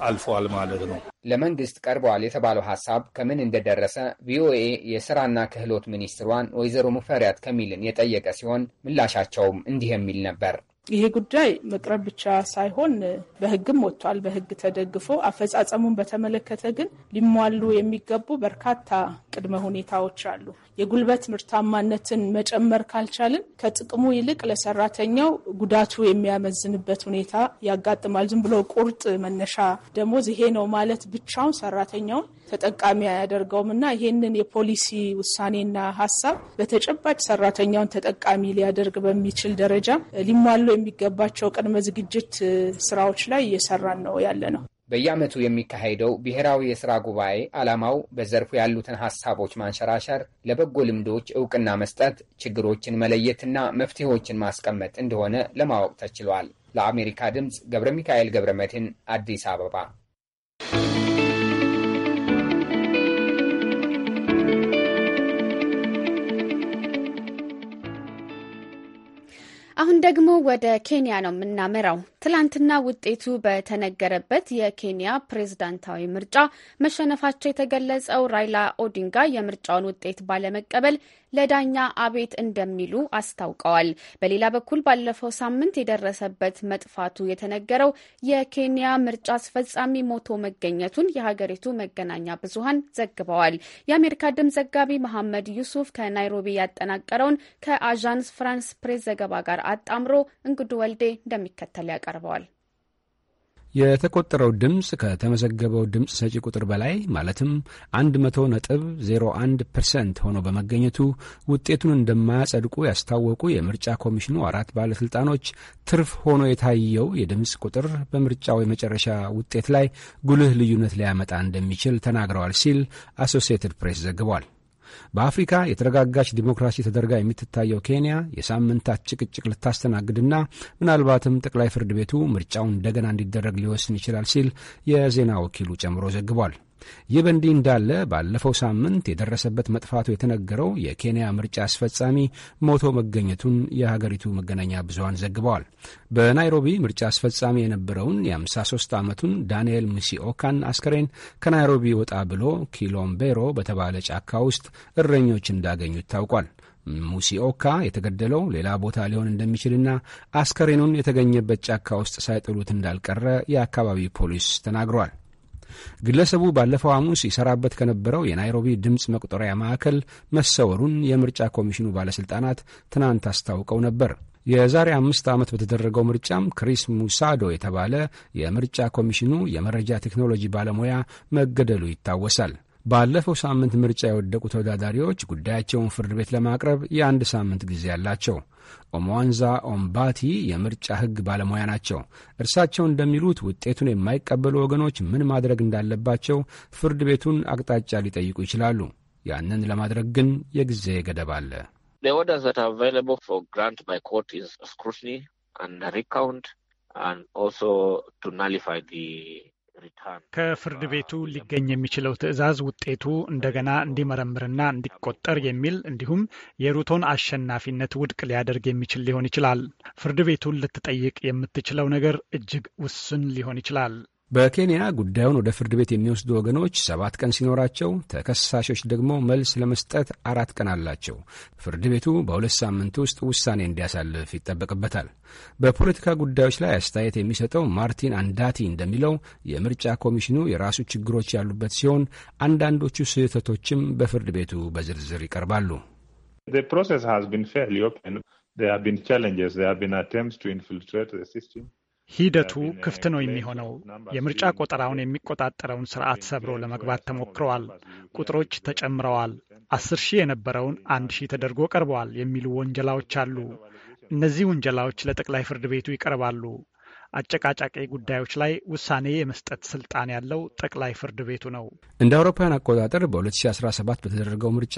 አልፈዋል ማለት ነው። ለመንግስት ቀርበዋል የተባለው ሀሳብ ከምን እንደደረሰ ቪኦኤ የስራና ክህሎት ሚኒስትሯን ወይዘሮ ሙፈሪያት ከሚልን የጠየቀ ሲሆን ምላሻቸውም እንዲህ የሚል ነበር። ይሄ ጉዳይ መቅረብ ብቻ ሳይሆን በሕግም ወጥቷል። በሕግ ተደግፎ አፈጻጸሙን በተመለከተ ግን ሊሟሉ የሚገቡ በርካታ ቅድመ ሁኔታዎች አሉ። የጉልበት ምርታማነትን መጨመር ካልቻልን ከጥቅሙ ይልቅ ለሰራተኛው ጉዳቱ የሚያመዝንበት ሁኔታ ያጋጥማል። ዝም ብሎ ቁርጥ መነሻ ደሞዝ ይሄ ነው ማለት ብቻውን ሰራተኛውን ተጠቃሚ አያደርገውም እና ይሄንን የፖሊሲ ውሳኔና ሀሳብ በተጨባጭ ሰራተኛውን ተጠቃሚ ሊያደርግ በሚችል ደረጃ ሊሟሉ በሚገባቸው ቅድመ ዝግጅት ስራዎች ላይ እየሰራን ነው ያለ ነው። በየዓመቱ የሚካሄደው ብሔራዊ የስራ ጉባኤ ዓላማው በዘርፉ ያሉትን ሀሳቦች ማንሸራሸር፣ ለበጎ ልምዶች እውቅና መስጠት፣ ችግሮችን መለየትና መፍትሄዎችን ማስቀመጥ እንደሆነ ለማወቅ ተችሏል። ለአሜሪካ ድምፅ ገብረ ሚካኤል ገብረ መድህን አዲስ አበባ አሁን ደግሞ ወደ ኬንያ ነው የምናመራው። ትላንትና ውጤቱ በተነገረበት የኬንያ ፕሬዝዳንታዊ ምርጫ መሸነፋቸው የተገለጸው ራይላ ኦዲንጋ የምርጫውን ውጤት ባለመቀበል ለዳኛ አቤት እንደሚሉ አስታውቀዋል። በሌላ በኩል ባለፈው ሳምንት የደረሰበት መጥፋቱ የተነገረው የኬንያ ምርጫ አስፈጻሚ ሞቶ መገኘቱን የሀገሪቱ መገናኛ ብዙሃን ዘግበዋል። የአሜሪካ ድምፅ ዘጋቢ መሐመድ ዩሱፍ ከናይሮቢ ያጠናቀረውን ከአዣንስ ፍራንስ ፕሬስ ዘገባ ጋር አጣምሮ እንግዱ ወልዴ እንደሚከተል ያቀርበዋል። የተቆጠረው ድምፅ ከተመዘገበው ድምፅ ሰጪ ቁጥር በላይ ማለትም 100.01 ፐርሰንት ሆኖ በመገኘቱ ውጤቱን እንደማያጸድቁ ያስታወቁ የምርጫ ኮሚሽኑ አራት ባለሥልጣኖች ትርፍ ሆኖ የታየው የድምፅ ቁጥር በምርጫው የመጨረሻ ውጤት ላይ ጉልህ ልዩነት ሊያመጣ እንደሚችል ተናግረዋል ሲል አሶሲየትድ ፕሬስ ዘግቧል። በአፍሪካ የተረጋጋች ዲሞክራሲ ተደርጋ የምትታየው ኬንያ የሳምንታት ጭቅጭቅ ልታስተናግድና ምናልባትም ጠቅላይ ፍርድ ቤቱ ምርጫውን እንደገና እንዲደረግ ሊወስን ይችላል ሲል የዜና ወኪሉ ጨምሮ ዘግቧል። ይህ በእንዲህ እንዳለ ባለፈው ሳምንት የደረሰበት መጥፋቱ የተነገረው የኬንያ ምርጫ አስፈጻሚ ሞቶ መገኘቱን የሀገሪቱ መገናኛ ብዙሀን ዘግበዋል። በናይሮቢ ምርጫ አስፈጻሚ የነበረውን የ53 ዓመቱን ዳንኤል ሙሲኦካን አስከሬን ከናይሮቢ ወጣ ብሎ ኪሎምቤሮ በተባለ ጫካ ውስጥ እረኞች እንዳገኙት ታውቋል። ሙሲኦካ የተገደለው ሌላ ቦታ ሊሆን እንደሚችልና አስከሬኑን የተገኘበት ጫካ ውስጥ ሳይጥሉት እንዳልቀረ የአካባቢው ፖሊስ ተናግሯል። ግለሰቡ ባለፈው ሐሙስ ይሰራበት ከነበረው የናይሮቢ ድምፅ መቁጠሪያ ማዕከል መሰወሩን የምርጫ ኮሚሽኑ ባለሥልጣናት ትናንት አስታውቀው ነበር። የዛሬ አምስት ዓመት በተደረገው ምርጫም ክሪስ ሙሳዶ የተባለ የምርጫ ኮሚሽኑ የመረጃ ቴክኖሎጂ ባለሙያ መገደሉ ይታወሳል። ባለፈው ሳምንት ምርጫ የወደቁ ተወዳዳሪዎች ጉዳያቸውን ፍርድ ቤት ለማቅረብ የአንድ ሳምንት ጊዜ አላቸው። ኦሞዋንዛ ኦምባቲ የምርጫ ሕግ ባለሙያ ናቸው። እርሳቸው እንደሚሉት ውጤቱን የማይቀበሉ ወገኖች ምን ማድረግ እንዳለባቸው ፍርድ ቤቱን አቅጣጫ ሊጠይቁ ይችላሉ። ያንን ለማድረግ ግን የጊዜ ገደብ አለ። ከፍርድ ቤቱ ሊገኝ የሚችለው ትዕዛዝ ውጤቱ እንደገና እንዲመረምርና እንዲቆጠር የሚል እንዲሁም የሩቶን አሸናፊነት ውድቅ ሊያደርግ የሚችል ሊሆን ይችላል። ፍርድ ቤቱን ልትጠይቅ የምትችለው ነገር እጅግ ውስን ሊሆን ይችላል። በኬንያ ጉዳዩን ወደ ፍርድ ቤት የሚወስዱ ወገኖች ሰባት ቀን ሲኖራቸው ተከሳሾች ደግሞ መልስ ለመስጠት አራት ቀን አላቸው። ፍርድ ቤቱ በሁለት ሳምንት ውስጥ ውሳኔ እንዲያሳልፍ ይጠበቅበታል። በፖለቲካ ጉዳዮች ላይ አስተያየት የሚሰጠው ማርቲን አንዳቲ እንደሚለው የምርጫ ኮሚሽኑ የራሱ ችግሮች ያሉበት ሲሆን አንዳንዶቹ ስህተቶችም በፍርድ ቤቱ በዝርዝር ይቀርባሉ። ፕሮሰስ ሃዝ ቢን ፌርሊ ኦፕን ቢን ቻለንጀስ ቢን አቴምፕትስ ቱ ኢንፊልትሬት ሲስተም ሂደቱ ክፍት ነው የሚሆነው። የምርጫ ቆጠራውን የሚቆጣጠረውን ስርዓት ሰብሮ ለመግባት ተሞክረዋል። ቁጥሮች ተጨምረዋል። አስር ሺህ የነበረውን አንድ ሺህ ተደርጎ ቀርበዋል የሚሉ ወንጀላዎች አሉ። እነዚህ ወንጀላዎች ለጠቅላይ ፍርድ ቤቱ ይቀርባሉ። አጨቃጫቂ ጉዳዮች ላይ ውሳኔ የመስጠት ስልጣን ያለው ጠቅላይ ፍርድ ቤቱ ነው። እንደ አውሮፓውያን አቆጣጠር በ2017 በተደረገው ምርጫ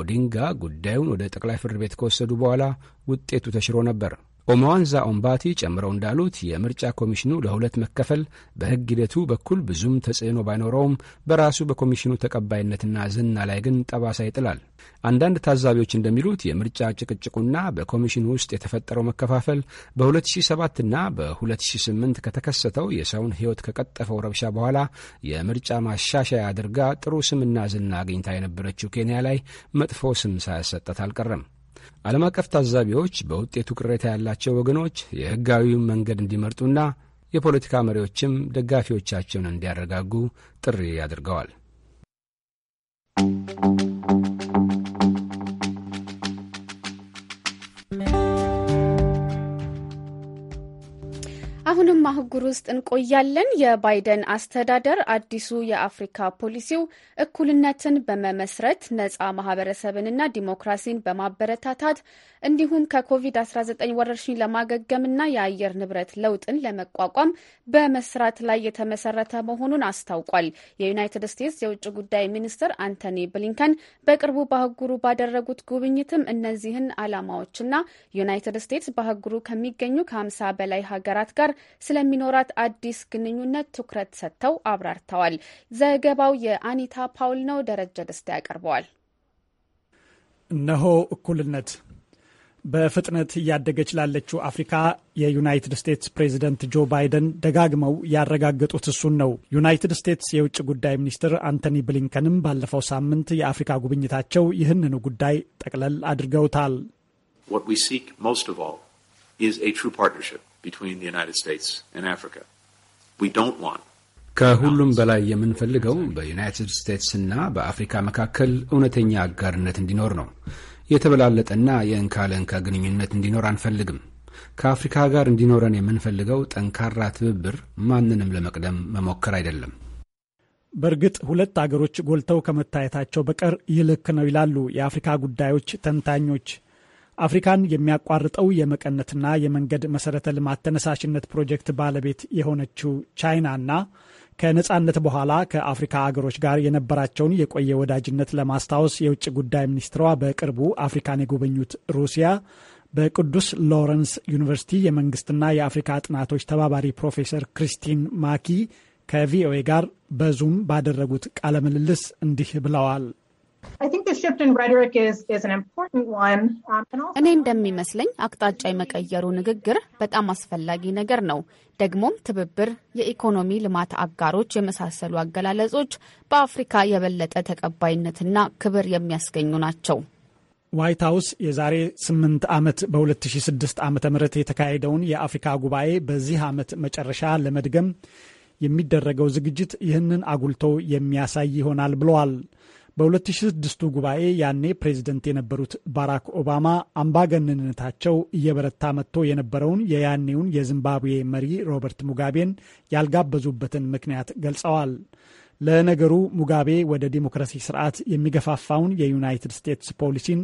ኦዲንጋ ጉዳዩን ወደ ጠቅላይ ፍርድ ቤት ከወሰዱ በኋላ ውጤቱ ተሽሮ ነበር። ኦመዋንዛ ኦምባቲ ጨምረው እንዳሉት የምርጫ ኮሚሽኑ ለሁለት መከፈል በሕግ ሂደቱ በኩል ብዙም ተጽዕኖ ባይኖረውም በራሱ በኮሚሽኑ ተቀባይነትና ዝና ላይ ግን ጠባሳ ይጥላል። አንዳንድ ታዛቢዎች እንደሚሉት የምርጫ ጭቅጭቁና በኮሚሽኑ ውስጥ የተፈጠረው መከፋፈል በ2007 ና በ2008 ከተከሰተው የሰውን ሕይወት ከቀጠፈው ረብሻ በኋላ የምርጫ ማሻሻያ አድርጋ ጥሩ ስምና ዝና አግኝታ የነበረችው ኬንያ ላይ መጥፎ ስም ሳያሰጠት አልቀረም። ዓለም አቀፍ ታዛቢዎች በውጤቱ ቅሬታ ያላቸው ወገኖች የሕጋዊውን መንገድ እንዲመርጡና የፖለቲካ መሪዎችም ደጋፊዎቻቸውን እንዲያረጋጉ ጥሪ አድርገዋል። አሁንም አህጉር ውስጥ እንቆያለን። የባይደን አስተዳደር አዲሱ የአፍሪካ ፖሊሲው እኩልነትን በመመስረት ነጻ ማህበረሰብንና ዲሞክራሲን በማበረታታት እንዲሁም ከኮቪድ-19 ወረርሽኝ ለማገገምና የአየር ንብረት ለውጥን ለመቋቋም በመስራት ላይ የተመሰረተ መሆኑን አስታውቋል። የዩናይትድ ስቴትስ የውጭ ጉዳይ ሚኒስትር አንቶኒ ብሊንከን በቅርቡ በአህጉሩ ባደረጉት ጉብኝትም እነዚህን ዓላማዎችና ዩናይትድ ስቴትስ በአህጉሩ ከሚገኙ ከ50 በላይ ሀገራት ጋር ስለሚኖራት አዲስ ግንኙነት ትኩረት ሰጥተው አብራርተዋል። ዘገባው የአኒታ ፓውል ነው። ደረጀ ደስታ ያቀርበዋል። እነሆ እኩልነት በፍጥነት እያደገች ላለችው አፍሪካ የዩናይትድ ስቴትስ ፕሬዚደንት ጆ ባይደን ደጋግመው ያረጋገጡት እሱን ነው። ዩናይትድ ስቴትስ የውጭ ጉዳይ ሚኒስትር አንቶኒ ብሊንከንም ባለፈው ሳምንት የአፍሪካ ጉብኝታቸው ይህንኑ ጉዳይ ጠቅለል አድርገውታል። What we seek most of all is a true partnership. between the United States and Africa. We don't want ከሁሉም በላይ የምንፈልገው በዩናይትድ ስቴትስና በአፍሪካ መካከል እውነተኛ አጋርነት እንዲኖር ነው። የተበላለጠና የእንካለእንካ ግንኙነት እንዲኖር አንፈልግም። ከአፍሪካ ጋር እንዲኖረን የምንፈልገው ጠንካራ ትብብር፣ ማንንም ለመቅደም መሞከር አይደለም። በእርግጥ ሁለት አገሮች ጎልተው ከመታየታቸው በቀር ይልክ ነው ይላሉ የአፍሪካ ጉዳዮች ተንታኞች። አፍሪካን የሚያቋርጠው የመቀነትና የመንገድ መሰረተ ልማት ተነሳሽነት ፕሮጀክት ባለቤት የሆነችው ቻይናና ከነጻነት በኋላ ከአፍሪካ አገሮች ጋር የነበራቸውን የቆየ ወዳጅነት ለማስታወስ የውጭ ጉዳይ ሚኒስትሯ በቅርቡ አፍሪካን የጎበኙት ሩሲያ በቅዱስ ሎረንስ ዩኒቨርሲቲ የመንግስትና የአፍሪካ ጥናቶች ተባባሪ ፕሮፌሰር ክሪስቲን ማኪ ከቪኦኤ ጋር በዙም ባደረጉት ቃለ ምልልስ እንዲህ ብለዋል። Um, እኔ እንደሚመስለኝ አቅጣጫ የመቀየሩ ንግግር በጣም አስፈላጊ ነገር ነው። ደግሞም ትብብር፣ የኢኮኖሚ ልማት አጋሮች የመሳሰሉ አገላለጾች በአፍሪካ የበለጠ ተቀባይነትና ክብር የሚያስገኙ ናቸው። ዋይት ሀውስ የዛሬ 8 ዓመት በ2006 ዓ ም የተካሄደውን የአፍሪካ ጉባኤ በዚህ ዓመት መጨረሻ ለመድገም የሚደረገው ዝግጅት ይህንን አጉልቶ የሚያሳይ ይሆናል ብለዋል። በ2006ቱ ጉባኤ ያኔ ፕሬዚደንት የነበሩት ባራክ ኦባማ አምባገነንነታቸው እየበረታ መጥቶ የነበረውን የያኔውን የዚምባብዌ መሪ ሮበርት ሙጋቤን ያልጋበዙበትን ምክንያት ገልጸዋል። ለነገሩ ሙጋቤ ወደ ዲሞክራሲ ስርዓት የሚገፋፋውን የዩናይትድ ስቴትስ ፖሊሲን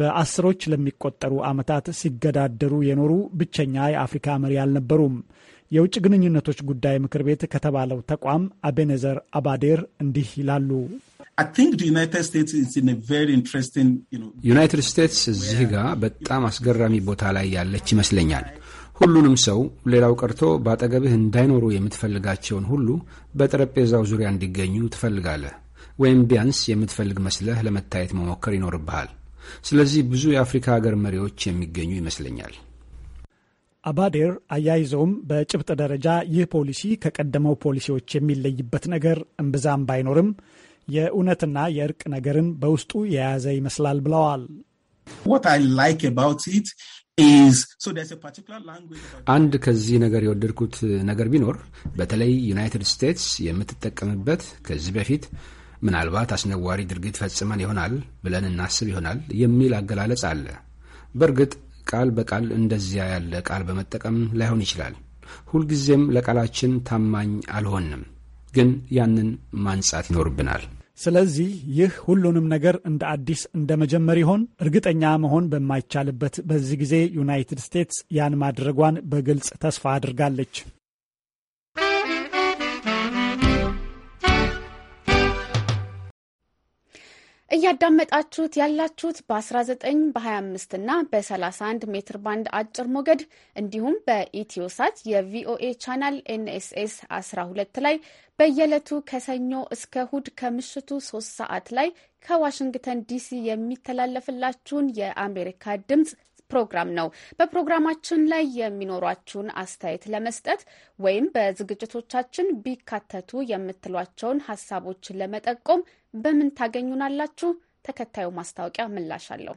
በአስሮች ለሚቆጠሩ ዓመታት ሲገዳደሩ የኖሩ ብቸኛ የአፍሪካ መሪ አልነበሩም። የውጭ ግንኙነቶች ጉዳይ ምክር ቤት ከተባለው ተቋም አቤነዘር አባዴር እንዲህ ይላሉ። ዩናይትድ ስቴትስ እዚህ ጋር በጣም አስገራሚ ቦታ ላይ ያለች ይመስለኛል። ሁሉንም ሰው ሌላው ቀርቶ በአጠገብህ እንዳይኖሩ የምትፈልጋቸውን ሁሉ በጠረጴዛው ዙሪያ እንዲገኙ ትፈልጋለህ፣ ወይም ቢያንስ የምትፈልግ መስለህ ለመታየት መሞከር ይኖርብሃል። ስለዚህ ብዙ የአፍሪካ ሀገር መሪዎች የሚገኙ ይመስለኛል። አባዴር አያይዘውም በጭብጥ ደረጃ ይህ ፖሊሲ ከቀደመው ፖሊሲዎች የሚለይበት ነገር እምብዛም ባይኖርም የእውነትና የእርቅ ነገርን በውስጡ የያዘ ይመስላል ብለዋል። አንድ ከዚህ ነገር የወደድኩት ነገር ቢኖር በተለይ ዩናይትድ ስቴትስ የምትጠቀምበት ከዚህ በፊት ምናልባት አስነዋሪ ድርጊት ፈጽመን ይሆናል ብለን እናስብ ይሆናል የሚል አገላለጽ አለ። በእርግጥ ቃል በቃል እንደዚያ ያለ ቃል በመጠቀም ላይሆን ይችላል። ሁልጊዜም ለቃላችን ታማኝ አልሆንም፣ ግን ያንን ማንጻት ይኖርብናል። ስለዚህ ይህ ሁሉንም ነገር እንደ አዲስ እንደ መጀመር ይሆን? እርግጠኛ መሆን በማይቻልበት በዚህ ጊዜ ዩናይትድ ስቴትስ ያን ማድረጓን በግልጽ ተስፋ አድርጋለች። እያዳመጣችሁት ያላችሁት በ19 በ25 እና በ31 ሜትር ባንድ አጭር ሞገድ እንዲሁም በኢትዮሳት የቪኦኤ ቻናል ኤንኤስኤስ 12 ላይ በየዕለቱ ከሰኞ እስከ እሁድ ከምሽቱ 3 ሰዓት ላይ ከዋሽንግተን ዲሲ የሚተላለፍላችሁን የአሜሪካ ድምፅ ፕሮግራም ነው። በፕሮግራማችን ላይ የሚኖሯችሁን አስተያየት ለመስጠት ወይም በዝግጅቶቻችን ቢካተቱ የምትሏቸውን ሀሳቦችን ለመጠቆም በምን ታገኙናላችሁ? ተከታዩ ማስታወቂያ ምላሽ አለው።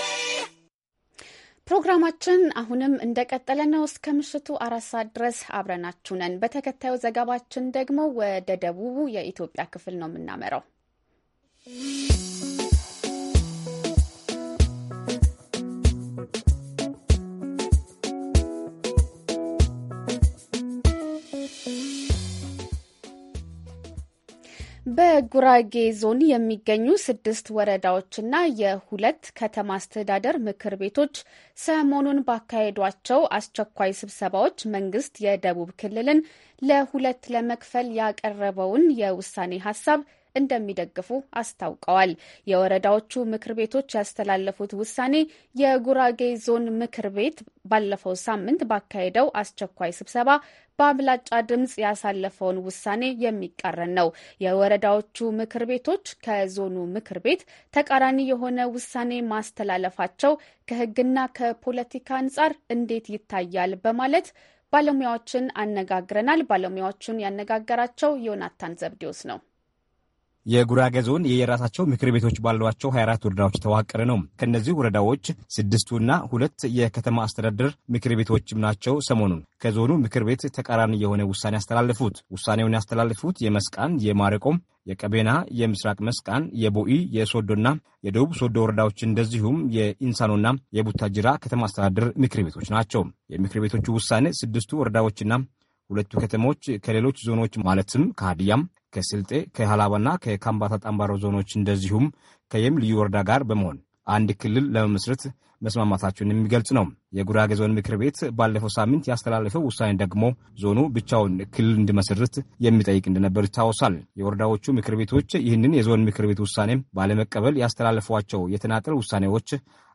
ፕሮግራማችን አሁንም እንደቀጠለ ነው። እስከ ምሽቱ አራት ሰዓት ድረስ አብረናችሁ ነን። በተከታዩ ዘገባችን ደግሞ ወደ ደቡቡ የኢትዮጵያ ክፍል ነው የምናመራው። በጉራጌ ዞን የሚገኙ ስድስት ወረዳዎችና የሁለት ከተማ አስተዳደር ምክር ቤቶች ሰሞኑን ባካሄዷቸው አስቸኳይ ስብሰባዎች መንግስት የደቡብ ክልልን ለሁለት ለመክፈል ያቀረበውን የውሳኔ ሀሳብ እንደሚደግፉ አስታውቀዋል። የወረዳዎቹ ምክር ቤቶች ያስተላለፉት ውሳኔ የጉራጌ ዞን ምክር ቤት ባለፈው ሳምንት ባካሄደው አስቸኳይ ስብሰባ በአብላጫ ድምፅ ያሳለፈውን ውሳኔ የሚቃረን ነው። የወረዳዎቹ ምክር ቤቶች ከዞኑ ምክር ቤት ተቃራኒ የሆነ ውሳኔ ማስተላለፋቸው ከሕግና ከፖለቲካ አንጻር እንዴት ይታያል በማለት ባለሙያዎችን አነጋግረናል። ባለሙያዎቹን ያነጋገራቸው ዮናታን ዘብዴዎስ ነው። የጉራጌ ዞን የየራሳቸው ምክር ቤቶች ባሏቸው 24 ወረዳዎች የተዋቀረ ነው። ከእነዚህ ወረዳዎች ስድስቱና ሁለት የከተማ አስተዳደር ምክር ቤቶችም ናቸው። ሰሞኑን ከዞኑ ምክር ቤት ተቃራኒ የሆነ ውሳኔ ያስተላልፉት ውሳኔውን ያስተላልፉት የመስቃን፣ የማረቆም፣ የቀቤና፣ የምስራቅ መስቃን፣ የቦኢ፣ የሶዶና የደቡብ ሶዶ ወረዳዎች እንደዚሁም የኢንሳኖና የቡታጅራ ከተማ አስተዳደር ምክር ቤቶች ናቸው። የምክር ቤቶቹ ውሳኔ ስድስቱ ወረዳዎችና ሁለቱ ከተሞች ከሌሎች ዞኖች ማለትም ከሀዲያም ከስልጤ ከሃላባና ከካምባታ ጣንባሮ ዞኖች እንደዚሁም ከየም ልዩ ወረዳ ጋር በመሆን አንድ ክልል ለመመስረት መስማማታቸውን የሚገልጽ ነው። የጉራጌ ዞን ምክር ቤት ባለፈው ሳምንት ያስተላለፈው ውሳኔ ደግሞ ዞኑ ብቻውን ክልል እንዲመሰርት የሚጠይቅ እንደነበር ይታወሳል። የወረዳዎቹ ምክር ቤቶች ይህንን የዞን ምክር ቤት ውሳኔ ባለመቀበል ያስተላለፏቸው የተናጠል ውሳኔዎች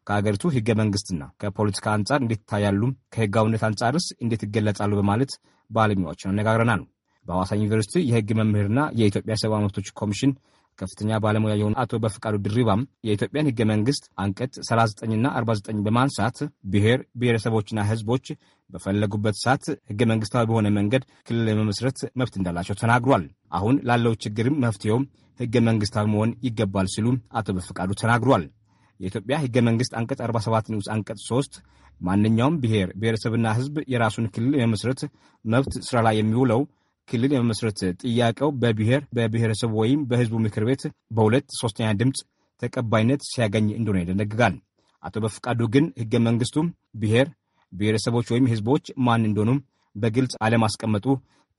ከአገሪቱ ህገ መንግስትና ከፖለቲካ አንጻር እንዴት ይታያሉ? ከህጋዊነት አንጻርስ እንዴት ይገለጻሉ? በማለት ባለሙያዎችን አነጋግረናል። በሐዋሳ ዩኒቨርሲቲ የህግ መምህርና የኢትዮጵያ ሰብአዊ መብቶች ኮሚሽን ከፍተኛ ባለሙያ የሆኑ አቶ በፍቃዱ ድሪባም የኢትዮጵያን ህገ መንግስት አንቀጽ 39ና 49 በማንሳት ብሔር ብሔረሰቦችና ህዝቦች በፈለጉበት ሰዓት ህገ መንግስታዊ በሆነ መንገድ ክልል የመመስረት መብት እንዳላቸው ተናግሯል። አሁን ላለው ችግርም መፍትሄው ህገ መንግስታዊ መሆን ይገባል ሲሉ አቶ በፍቃዱ ተናግሯል። የኢትዮጵያ ህገ መንግስት አንቀጽ 47 ንዑስ አንቀጽ 3 ማንኛውም ብሔር ብሔረሰብና ህዝብ የራሱን ክልል የመመስረት መብት ስራ ላይ የሚውለው ክልል የመመስረት ጥያቄው በብሔር በብሔረሰብ ወይም በህዝቡ ምክር ቤት በሁለት ሶስተኛ ድምፅ ተቀባይነት ሲያገኝ እንደሆነ ይደነግጋል። አቶ በፍቃዱ ግን ህገ መንግስቱ ብሔር ብሔረሰቦች ወይም ህዝቦች ማን እንደሆኑ በግልጽ አለማስቀመጡ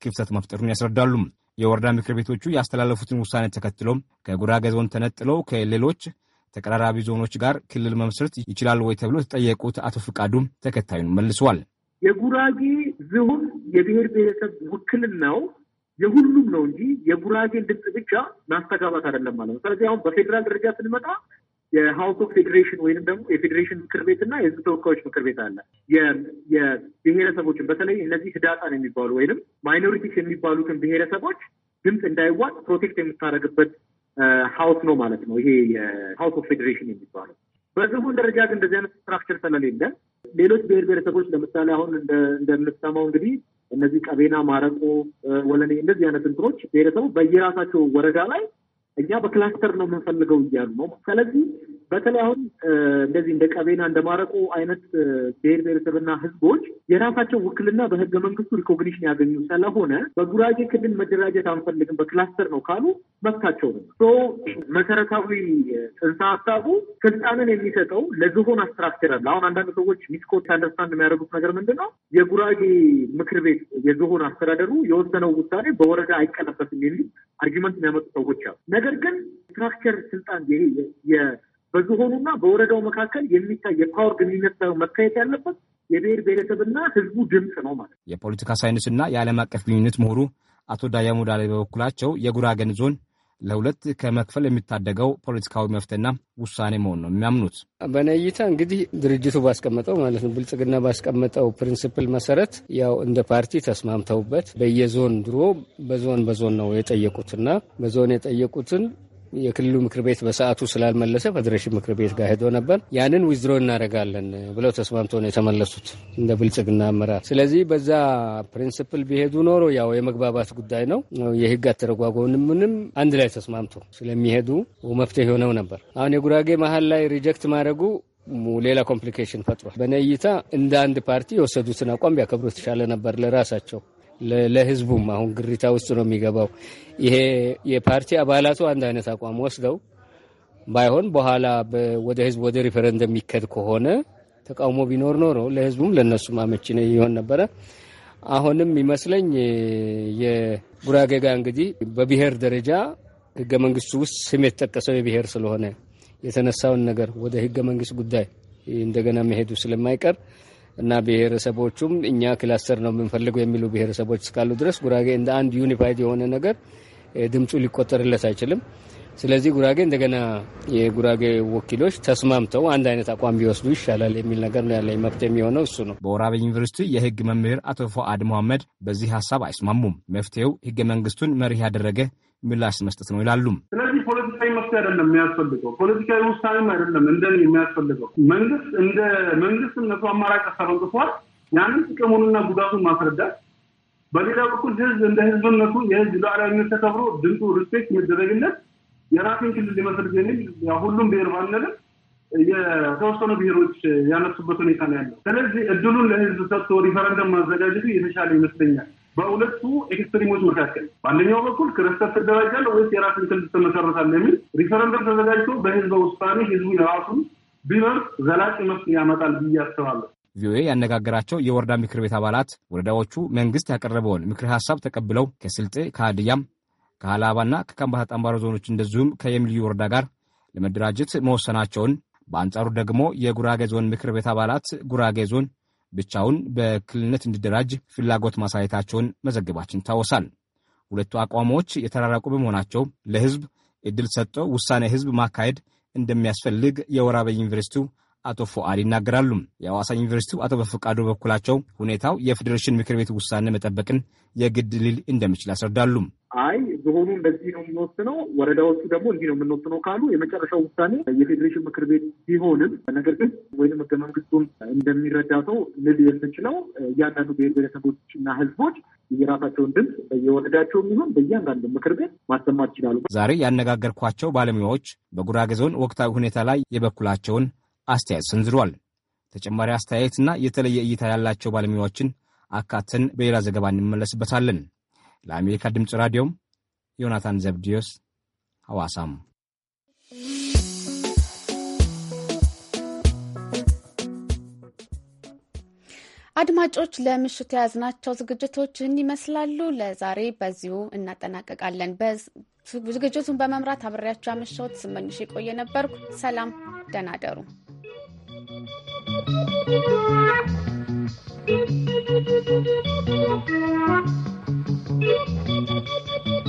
ክፍተት መፍጠሩን ያስረዳሉ። የወረዳ ምክር ቤቶቹ ያስተላለፉትን ውሳኔ ተከትሎ ከጉራጌ ዞን ተነጥለው ከሌሎች ተቀራራቢ ዞኖች ጋር ክልል መመስረት ይችላል ወይ ተብሎ የተጠየቁት አቶ ፍቃዱ ተከታዩን መልሰዋል። የጉራጌ ዝሆን የብሔር ብሔረሰብ ውክልናው የሁሉም ነው እንጂ የጉራጌን ድምፅ ብቻ ማስተጋባት አይደለም ማለት ነው። ስለዚህ አሁን በፌዴራል ደረጃ ስንመጣ የሀውስ ኦፍ ፌዴሬሽን ወይም ደግሞ የፌዴሬሽን ምክር ቤት እና የህዝብ ተወካዮች ምክር ቤት አለ። የብሔረሰቦችን በተለይ እነዚህ ህዳጣን የሚባሉ ወይንም ማይኖሪቲስ የሚባሉትን ብሔረሰቦች ድምፅ እንዳይዋጥ ፕሮቴክት የምታደርግበት ሀውስ ነው ማለት ነው። ይሄ የሀውስ ኦፍ ፌዴሬሽን የሚባለው። በዝሆን ደረጃ ግን እንደዚህ አይነት ስትራክቸር ስለሌለ ሌሎች ብሔር ብሔረሰቦች ለምሳሌ አሁን እንደምትሰማው እንግዲህ እነዚህ ቀቤና፣ ማረቆ፣ ወለኔ እነዚህ አይነት እንትኖች ብሔረሰቡ በየራሳቸው ወረዳ ላይ እኛ በክላስተር ነው የምንፈልገው እያሉ ነው። ስለዚህ በተለይ አሁን እንደዚህ እንደ ቀቤና እንደ ማረቆ አይነት ብሔር ብሔረሰብና ህዝቦች የራሳቸው ውክልና በህገ መንግስቱ ሪኮግኒሽን ያገኙ ስለሆነ በጉራጌ ክልል መደራጀት አንፈልግም በክላስተር ነው ካሉ መብታቸው ነው። መሰረታዊ ጽንሰ ሀሳቡ ስልጣንን የሚሰጠው ለዝሆን አስትራክቸር አለ። አሁን አንዳንድ ሰዎች ሚስኮት አንደርስታንድ የሚያደርጉት ነገር ምንድን ነው? የጉራጌ ምክር ቤት የዝሆን አስተዳደሩ የወሰነው ውሳኔ በወረዳ አይቀለበትም የሚል አርጊመንት የሚያመጡ ሰዎች አሉ። ነገር ግን ስትራክቸር ስልጣን በዝሆኑና በወረዳው መካከል የሚታይ የፓወር ግንኙነት ሳይሆን መታየት ያለበት የብሔር ብሔረሰብና ህዝቡ ድምፅ ነው ማለት ነው። የፖለቲካ ሳይንስና የዓለም አቀፍ ግንኙነት ምሁሩ አቶ ዳያሙ ዳሌ በበኩላቸው የጉራጌን ዞን ለሁለት ከመክፈል የሚታደገው ፖለቲካዊ መፍትሄና ውሳኔ መሆን ነው የሚያምኑት። በነይታ እይታ እንግዲህ ድርጅቱ ባስቀመጠው ማለት ነው ብልጽግና ባስቀመጠው ፕሪንስፕል መሰረት ያው እንደ ፓርቲ ተስማምተውበት በየዞን ድሮ በዞን በዞን ነው የጠየቁትና በዞን የጠየቁትን የክልሉ ምክር ቤት በሰዓቱ ስላልመለሰ ፌዴሬሽን ምክር ቤት ጋር ሄዶ ነበር። ያንን ዊዝድሮ እናደርጋለን ብለው ተስማምቶ ነው የተመለሱት እንደ ብልጽግና አመራር። ስለዚህ በዛ ፕሪንስፕል ቢሄዱ ኖሮ ያው የመግባባት ጉዳይ ነው። የህግ አተረጓጎን ምንም አንድ ላይ ተስማምቶ ስለሚሄዱ መፍትሄ የሆነው ነበር። አሁን የጉራጌ መሀል ላይ ሪጀክት ማድረጉ ሌላ ኮምፕሊኬሽን ፈጥሯል። በነይታ እንደ አንድ ፓርቲ የወሰዱትን አቋም ቢያከብሩ የተሻለ ነበር ለራሳቸው ለህዝቡም አሁን ግሪታ ውስጥ ነው የሚገባው። ይሄ የፓርቲ አባላቱ አንድ አይነት አቋም ወስደው ባይሆን በኋላ ወደ ህዝብ ወደ ሪፈረንደም የሚከድ ከሆነ ተቃውሞ ቢኖር ኖሮ ለህዝቡም ለእነሱም አመቺ ይሆን ነበረ። አሁንም ይመስለኝ የጉራጌ ጋ እንግዲህ በብሔር ደረጃ ህገ መንግስቱ ውስጥ ስም የተጠቀሰው የብሔር ስለሆነ የተነሳውን ነገር ወደ ህገ መንግስት ጉዳይ እንደገና መሄዱ ስለማይቀር እና ብሔረሰቦቹም እኛ ክላስተር ነው የምንፈልገው የሚሉ ብሔረሰቦች እስካሉ ድረስ ጉራጌ እንደ አንድ ዩኒፋይድ የሆነ ነገር ድምፁ ሊቆጠርለት አይችልም። ስለዚህ ጉራጌ እንደገና የጉራጌ ወኪሎች ተስማምተው አንድ አይነት አቋም ቢወስዱ ይሻላል የሚል ነገር ነው ያለኝ። መፍትሄ የሚሆነው እሱ ነው። በወራቤ ዩኒቨርሲቲ የህግ መምህር አቶ ፎአድ መሐመድ በዚህ ሀሳብ አይስማሙም። መፍትሄው ህገ መንግስቱን መሪህ ያደረገ ምላሽ መስጠት ነው ይላሉም። ፖለቲካዊ መፍትሄ አይደለም የሚያስፈልገው፣ ፖለቲካዊ ውሳኔም አይደለም እንደ የሚያስፈልገው። መንግስት እንደ መንግስትነቱ አማራጭ አሳበንቅፏል። ያንን ጥቅሙንና ጉዳቱን ማስረዳት በሌላ በኩል ህዝብ እንደ ህዝብነቱ የህዝብ ሉዓላዊነት ተከብሮ ድምፁ ሪስፔክት የሚደረግለት የራሴን ክልል ሊመስል የሚል ሁሉም ብሔር ባንልም የተወሰኑ ብሔሮች ያነሱበት ሁኔታ ነው ያለው። ስለዚህ እድሉን ለህዝብ ሰጥቶ ሪፈረንደም ማዘጋጀቱ የተሻለ ይመስለኛል። በሁለቱ ኤክስትሪሞች መካከል በአንደኛው በኩል ክረስተት ትደራጃለህ ወይስ የራስን ክልል ትመሰርታለህ የሚል ሪፈረንደም ተዘጋጅቶ በህዝበ ውሳኔ ህዝቡ የራሱን ቢመርጥ ዘላቂ መፍትሄ ያመጣል ብዬ አስባለሁ። ቪኦኤ ያነጋገራቸው የወረዳ ምክር ቤት አባላት ወረዳዎቹ መንግስት ያቀረበውን ምክር ሀሳብ ተቀብለው ከስልጤ፣ ከሀዲያም፣ ከሀላባና ከከምባታ ጠምባሮ ዞኖች እንደዚሁም ከየም ወረዳ ጋር ለመደራጀት መወሰናቸውን፣ በአንጻሩ ደግሞ የጉራጌ ዞን ምክር ቤት አባላት ጉራጌ ዞን ብቻውን በክልልነት እንዲደራጅ ፍላጎት ማሳየታቸውን መዘገባችን ይታወሳል። ሁለቱ አቋሞች የተራራቁ በመሆናቸው ለህዝብ እድል ሰጥቶ ውሳኔ ህዝብ ማካሄድ እንደሚያስፈልግ የወራቤ ዩኒቨርሲቲው አቶ ፎአድ ይናገራሉ። የአዋሳ ዩኒቨርሲቲው አቶ በፈቃዱ በኩላቸው ሁኔታው የፌዴሬሽን ምክር ቤት ውሳኔ መጠበቅን የግድ ሊል እንደሚችል ያስረዳሉ። አይ ዝሆኑ እንደዚህ ነው የምንወስነው፣ ወረዳዎቹ ደግሞ እንዲህ ነው የምንወስነው ካሉ የመጨረሻው ውሳኔ የፌዴሬሽን ምክር ቤት ቢሆንም ነገር ግን ወይም ህገ መንግስቱን እንደሚረዳ ሰው ልል የምንችለው እያንዳንዱ ብሔር ብሔረሰቦች እና ህዝቦች የራሳቸውን ድምፅ በየወረዳቸው የሚሆን በእያንዳንዱ ምክር ቤት ማሰማት ይችላሉ። ዛሬ ያነጋገርኳቸው ባለሙያዎች በጉራጌ ዞን ወቅታዊ ሁኔታ ላይ የበኩላቸውን አስተያየት ሰንዝሯል። ተጨማሪ አስተያየትና የተለየ እይታ ያላቸው ባለሙያዎችን አካተን በሌላ ዘገባ እንመለስበታለን። ለአሜሪካ ድምፅ ራዲዮም ዮናታን ዘብዲዮስ ሐዋሳም አድማጮች ለምሽት የያዝናቸው ዝግጅቶች ይህን ይመስላሉ። ለዛሬ በዚሁ እናጠናቀቃለን። ዝግጅቱን በመምራት አብሬያቸው ያመሸሁት ስመኝሽ የቆየ ነበርኩ። ሰላም፣ ደህና ደሩ። Thank you.